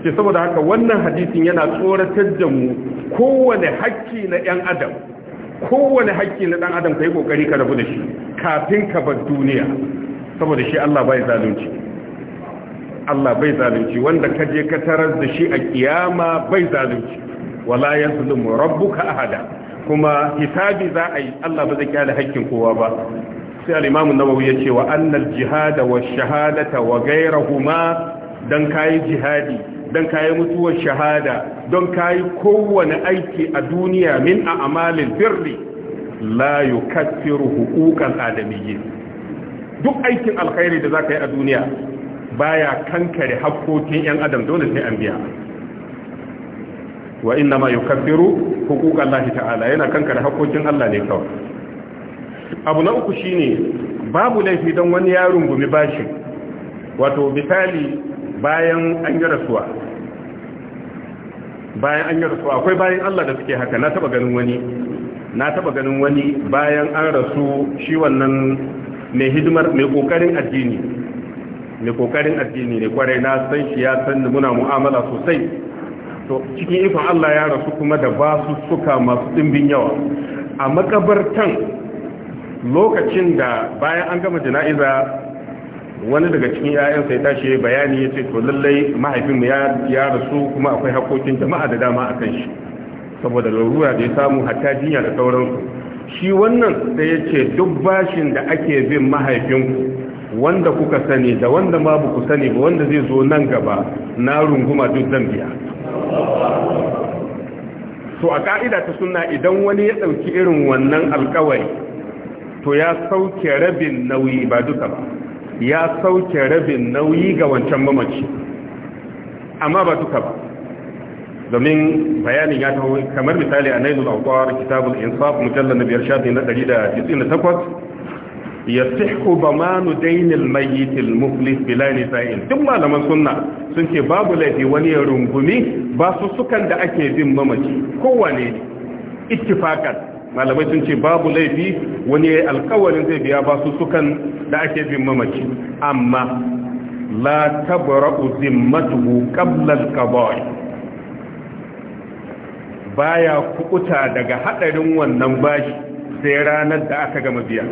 ce saboda haka wannan hadisin yana tsoratar da mu kowane hakki na ɗan adam kowane haƙƙi na ɗan adam yi ƙoƙari ka rabu da shi kafin ka bar duniya saboda shi Allah bai zalunci Allah bai zalunci wanda ka je ka tarar da shi a kiyama bai zalunci wala yazlimu ahada kuma hisabi za a yi Allah ba zai kyale hakkin kowa ba sai al-imam an ya ce wa annal jihada wa shahadata wa huma don kayi jihadi don kayi mutuwar shahada don kayi kowane aiki a duniya min a amalin birri la yukaffiru hukukan adamiyyin duk aikin alkhairi da zaka yi a duniya baya kankare hakkokin yan adam dole sai an biya wa inna ma yukaffiru huquqallahi ta'ala yana kankare hakkokin Allah ne kawai abu na uku shine babu laifi don wani ya rungumi bashi wato misali bayan an yi rasuwa bayan an yi rasuwa akwai bayan Allah da suke haka na taba ganin wani na taba ganin wani bayan an rasu shi wannan mai hidimar mai kokarin addini mai kokarin addini ne kwarai na san shi ya san muna mu'amala sosai to cikin ikon Allah ya rasu kuma da basu suka masu dimbin yawa a makabartan lokacin da bayan an gama jana'iza wani daga cikin ya'yansa ya tashi bayani ya ce to lallai mahaifinmu ya rasu kuma akwai hakokin jama'a da dama akan shi saboda lalura da ya samu hatta jinya da sauransu shi wannan da ya ce duk bashin da ake bin mahaifinku wanda kuka sani da wanda ma ku sani ba wanda zai zo nan gaba na runguma duk zan biya to a ka'ida ta sunna idan wani ya ɗauki irin wannan alkawari to ya sauke rabin nauyi ba duka ba ya sauke rabin nauyi ga wancan mamaci amma ba duka ba domin bayanin ya tawo kamar misali a nailul auqar kitabul insaf mujallal biyar shafi na 198 yasihhu bamanu daynil mayyit al muflis bila nisa'in duk malaman sunna sun ce babu laifi wani ya rungumi ba su sukan da ake bin mamaci kowane ittifaqan malamai sun ce babu laifi wani ya yi alkawarin zai biya ba su sukan da ake bin mamaci amma la tabara uzimmatuhu qabla al Ba baya kukuta daga hadarin wannan bashi sai ranar da aka gama biya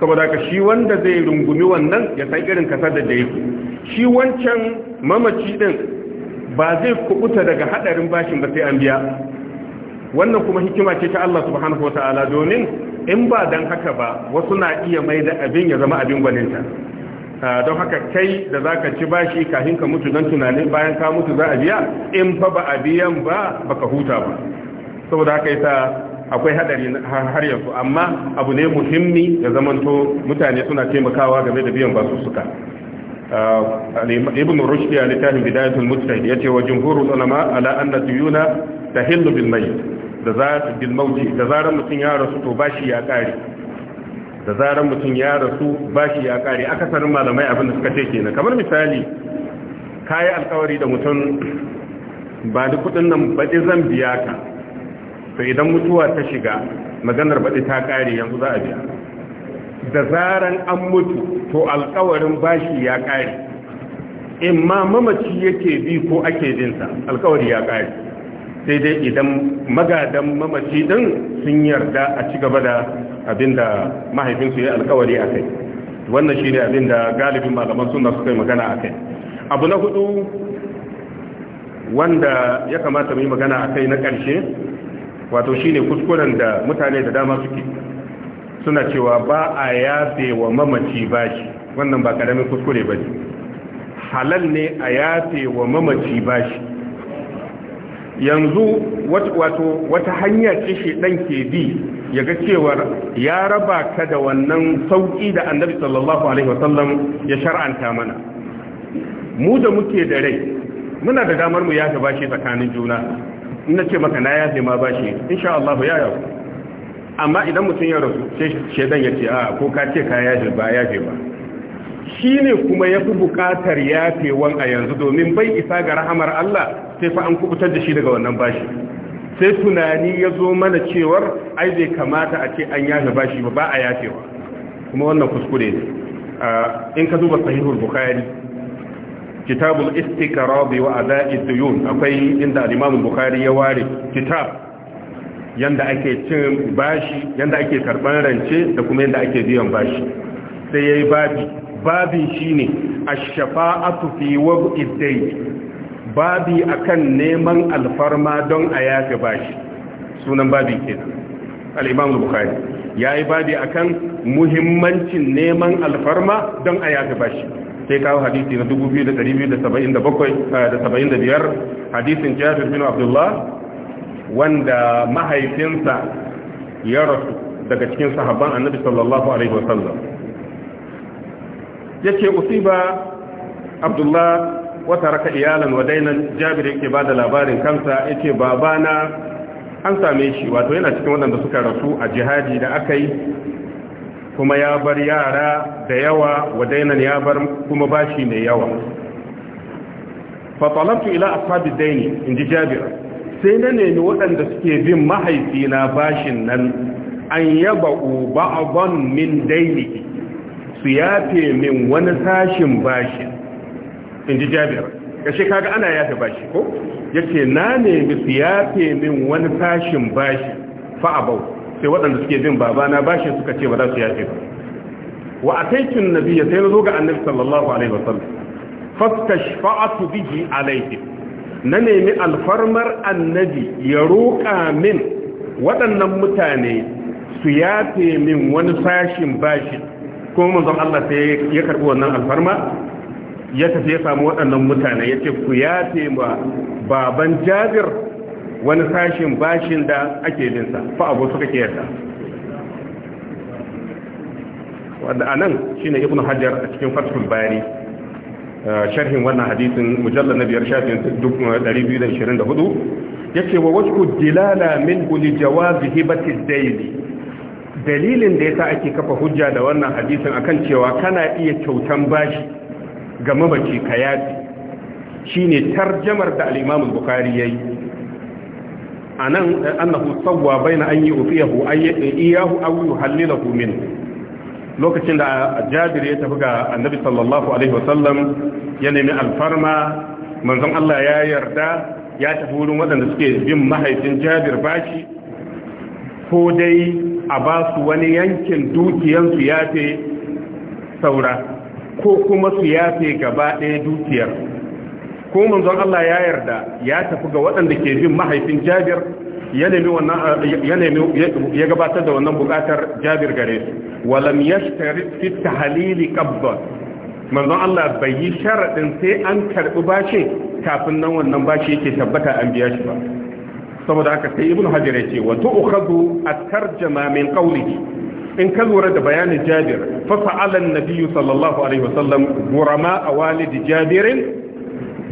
saboda ka shi wanda zai rungumi wannan ya san irin kasar da daifu shi wancan mamaci din ba zai kukuta daga hadarin bashin ba sai an biya wannan kuma hikima ce ta Allah subhanahu wataala domin in ba dan haka ba wasu na iya mai da abin ya zama abin gwaninta ah, don haka kai da zaka ci bashi kafin ka mutu don tunanin bayan ka mutu za a biya in fa ba a biyan ba baka huta ba saboda haka sa akwai hadari har yanzu amma abu ne muhimmi ya zamanto mutane suna taimakawa game da biyan basu suka ah, ibn rushdi a littafin bidayatul mujtahid yace wa jumhurul ulama ala anna diyuna tahillu bil mayyit da zarar mutum ya rasu to bashi ya kare da zarar mutum ya rasu bashi ya kare akasarin malamai abin da suka ce kenan kamar misali kayi alkawari da mutum ba da kudin nan baɗi zan biya ka to idan mutuwa ta shiga maganar baɗi ta kare yanzu za a biya da zaran an mutu to alkawarin bashi ya kare in ma mamaci yake bi ko ake jinsa alkawari ya kare sai dai idan magadan mamaci din sun yarda a ci gaba da abinda mahaifinsu ya alkawari a kai wannan shi ne abinda galibin malaman suna suka yi magana a kai abu na hudu wanda ya kamata mu yi magana a kai na ƙarshe wato shine kuskuren da mutane da dama suke suna cewa ba a yafe wa mamaci bashi wannan ba ƙaramin kuskure ba ne halal ne a yafe wa mamaci bashi yanzu wato wata hanya ce dan ke bi ya ga cewar ya raba ka da wannan sauki da annabi sallallahu alaihi wasallam ya shar'anta mana mu da muke da rai muna da damar mu yafe bashi tsakanin juna ina ce maka na yafe ma bashi insha Allah ya yau amma idan mutum ya rasu sai shedan ya ce a ko ka ce ka yafe ba yafe ba shi ne kuma ya fi bukatar yafewan a yanzu domin bai isa ga rahamar Allah sai fa an kubutar da shi daga wannan bashi sai tunani ya zo mana cewar ai bai kamata a ce an yafe bashi ba ba a wa kuma wannan kuskure ne in ka zuba sahihul bukhari kitabul istikrabi wa ada'i duyun akwai inda al-imam bukhari ya ware kitab yanda ake cin bashi yanda ake karban rance da kuma yanda ake biyan bashi sai yayi babi babi shine ash-shafa'atu fi wab'i dayn babi akan neman alfarma don a yafe bashi sunan babin kenan al-imam al-bukhari yayi babi akan muhimmancin neman alfarma don a yafe bashi sai kawo hadisi na 2277 da 75 eh, hadisin jafir bin Abdullah wanda mahaifinsa ya rasu daga cikin sahabban annabi sallallahu alaihi wasallam yace usiba abdullah wata raka iyalan wa dainan jabir yake da labarin kansa yace babana an same shi wato yana cikin waɗanda suka rasu a jihadi da aka yi kuma ya bar yara da yawa wa ya bar kuma bashi mai yawa fa talabtu ila ashabi daini inji jabir sai na nemi waɗanda suke bin mahaifina bashin nan an yaba ba'dhan min dainihi su yafe min wani sashin bashi in ji jabir kashe kaga ana yafe bashi ko Ya ce na nemi su yafe min wani sashin bashi fa abau sai waɗanda suke bin babana bashi suka ce ba za su yafe ba wa Nabi ya sai na zo ga annabi sallallahu alaihi wasallam fastashfa'atu bihi alaihi na nemi alfarmar annabi ya roƙa min waɗannan mutane su yafe min wani sashin bashin. ko manzon Allah sai ya karbi wannan alfarma ya tafi ya samu waɗannan mutane ya ce ku yafe ma baban jabir wani sashin bashin da ake binsa fa abu suka ke yarda wanda a nan shi ne ibn hajjar a cikin fatul bayani uh, sharhin wannan hadisin mujallar na biyar shafin 224 uh, ya ce wa wasu dilala min huli jawazi hibatin daili dalilin da ya yasa ake kafa hujja da wannan hadisin akan cewa kana iya kyautan bashi ga mabaci ka yafi shine tarjamar da al-Imam al-Bukhari yayi anan annahu sawwa baina an yufiyahu ayyahu aw yuhallilahu min lokacin da Jabir ya tafi ga Annabi sallallahu alaihi wasallam ya nemi alfarma manzon Allah ya yarda ya tafi wurin waɗanda suke bin mahaifin Jabir bashi ko dai a ba su wani yankin dukiyansu yafe saura ko kuma su yafe gaba ɗaya dukiyar ko manzon Allah ya yarda ya tafi ga waɗanda ke bin mahaifin Jabir ya gabatar da wannan buƙatar Jabir gare su walam shari fi halili ƙabbar manzon Allah bai yi sharaɗin sai an karɓi bashi kafin nan wannan bashi yake tabbata an biya shi ba saboda aka sai ibnu hajar yace wa tu'khadhu at-tarjama min qawlihi in ka lura da bayanin jabir fa sa'ala an-nabi sallallahu alaihi wasallam gurama walidi jabir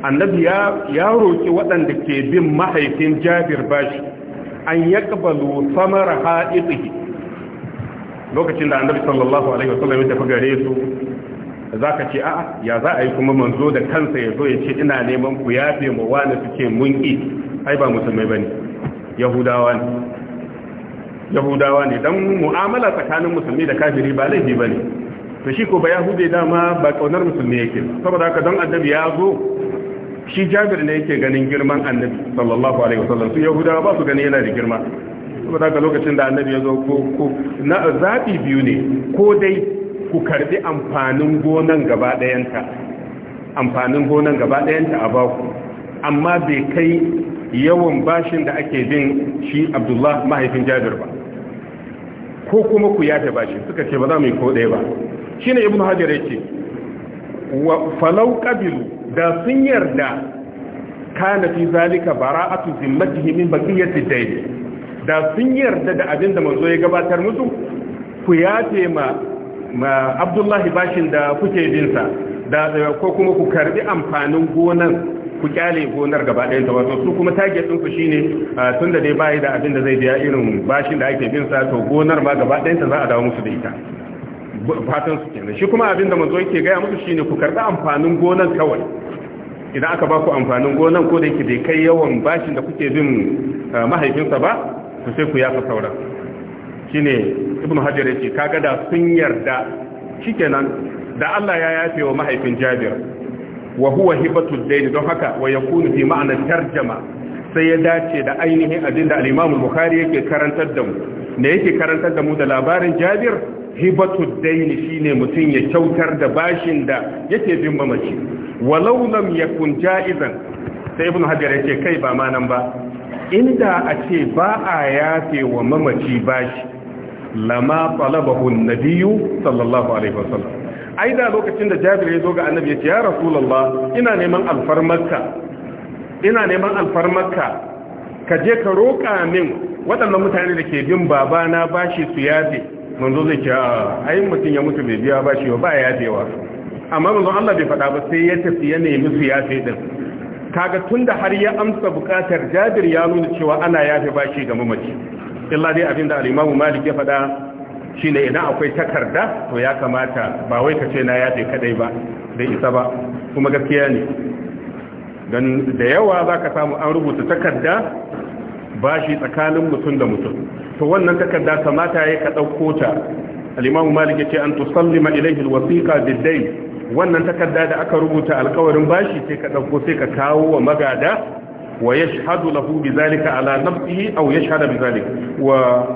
annabi ya ya roki waɗanda ke bin mahaifin jabir bashi an yaqbalu samara ha'idihi lokacin da annabi sallallahu alaihi wasallam ya tafi gare su zaka ce a'a ya za a yi kuma manzo da kansa ya zo ya ce ina neman ku yafe mu wani suke mun ai ba musulmai bane yahudawa ne yahudawa ne dan mu'amala tsakanin musulmi da kafiri ba laifi bane to shi ko ba yahude dama ba kaunar musulmi yake saboda haka don annabi ya zo shi jabir ne yake ganin girman annabi sallallahu alaihi wasallam su yahudawa ba su gani yana da girma saboda haka lokacin da annabi ya zo ko ko na zabi biyu ne ko dai ku karbi amfanin gonan gaba dayanta amfanin gonan gaba dayanta a baku amma bai kai yawan bashin da ake bin shi abdullah mahaifin jabir ba ko kuma ku yafe bashi suka ce ba za mu yi ko ɗaya ba shi ne ibn hajjar ya ce falau ƙabilu da sun yarda kana fi zalika himin zimmatihi ya baqiyati dayn da sun yarda da abin da manzo ya gabatar musu ku yafe ma Abdullahi bashin da kuke binsa da ko kuma ku karbi amfanin gonan ku kyale gonar gaba ɗayan ta wato su kuma target ɗinku ku shine tun da dai bayi da abin da zai biya irin bashin da ake bin sa to gonar ma gaba ɗayan ta za a dawo musu da ita fatan su kenan shi kuma abin da manzo yake gaya musu shine ku karɓi amfanin gonar kawai idan aka ba ku amfanin gonar ko da yake bai kai yawan bashin da kuke bin mahaifinsa ba ku sai ku yafa sauran shine ibnu hajar yace kaga da sun yarda shikenan da Allah ya yafe wa mahaifin Jabir wa huwa hibatul don haka wa yakunu fi ma'ana tarjama sai ya dace da ainihin abin da al-Imam Bukhari yake karantar da mu ne yake karantar da mu da labarin Jabir hibatul dayn shine mutun ya kyautar da bashin da yake bin mamaci walau lam yakun jaizan sai Ibn Hajar yake kai ba ma nan ba inda a ce ba a yafe wa mamaci bashi lama talabahu an-nabiyyu sallallahu alaihi wasallam ai da lokacin da jabir ya zo ga annabi ya ce ya rasulullah ina neman alfarmarka ina neman alfarmarka ka je ka roƙa min waɗannan mutane da ke bin babana bashi su yafe manzo zai ce ai mutum ya mutu bai biya bashi ba ba yafewa amma manzo Allah bai faɗa ba sai ya tafi ya nemi su yafe din kaga tunda har ya amsa buƙatar Jabir ya nuna cewa ana yafe bashi ga mamaci illa dai abinda al-Imam Malik ya faɗa shine idan akwai takarda to ya kamata ba wai ka ce na yafe kadai ba da isa ba kuma gaskiya ne don da yawa za ka samu an rubuta takarda ba shi tsakanin mutum da mutum to wannan takarda kamata ya ka ɗauko ta alimamu malik ya ce an tusallima ilaihi alwasiqa biddai wannan takarda da aka rubuta alkawarin bashi sai ka ɗauko sai ka kawo wa magada wa yashhadu lahu bizalika ala nafsihi aw yashhadu bizalika wa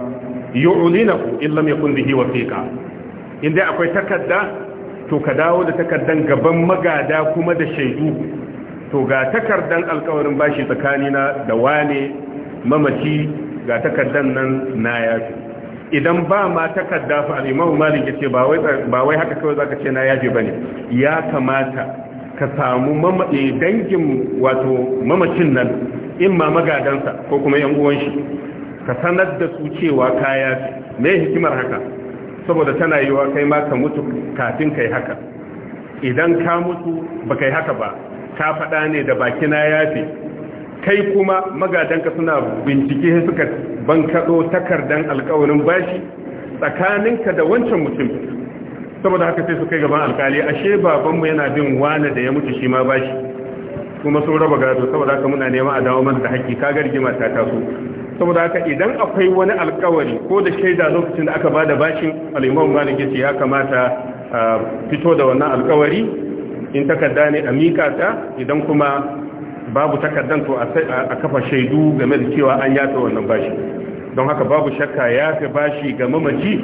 yu'linahu in lam yakun bihi wafiqa in dai akwai takarda to ka dawo da takardan gaban magada kuma da shaidu to ga takardan alkawarin bashi tsakanina da wane mamaci ga takardan nan na yafi idan ba ma takarda fa al-imam malik yace ba wai ba wai haka kawai zaka ce na yafi bane ya kamata ka samu eh, dangin wato mamacin nan in ma magadansa ko kuma yan uwan shi ka sanar da su cewa kaya me hikimar haka saboda tana yiwa kai ma ka mutu kafin kai haka idan ka mutu ba kai haka ba ka faɗa ne da bakina yafi kai kuma magadanka suna bincike suka bankaɗo takardan alkawarin bashi tsakaninka da wancan mutum saboda haka sai su kai gaban alkali ashe babanmu yana bin wane da ya mutu shi ma bashi kuma sun raba gado saboda haka muna nema a dawo mana da haƙƙi ka gargima ta taso saboda haka idan akwai wani alkawari ko da shaida lokacin da aka ba da bashin al'imam malik ya kamata a fito da wannan alkawari in takarda ne a mika ta idan kuma babu takardan to a kafa shaidu game da cewa an yata wannan bashi don haka babu shakka ya fi bashi ga mamaci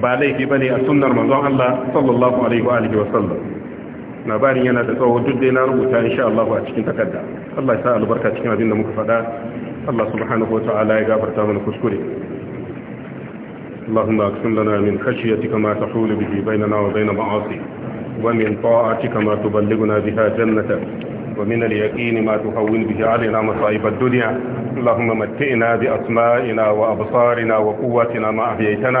ba laifi ba ne a sunnar manzon Allah sallallahu alaihi wa wa sallam labarin yana da tsawo duk dai na rubuta insha Allah a cikin takarda Allah ya sa albarka cikin abin da muka faɗa Allah subhanahu wata'ala ya gafarta mana kuskure اللهم اقسم لنا من خشيتك ما تحول به بيننا وبين معاصيك ومن طاعتك ما تبلغنا بها جنتك ومن اليقين ما تهون به علينا مصائب الدنيا اللهم متئنا بأسمائنا وأبصارنا وقواتنا ما أحييتنا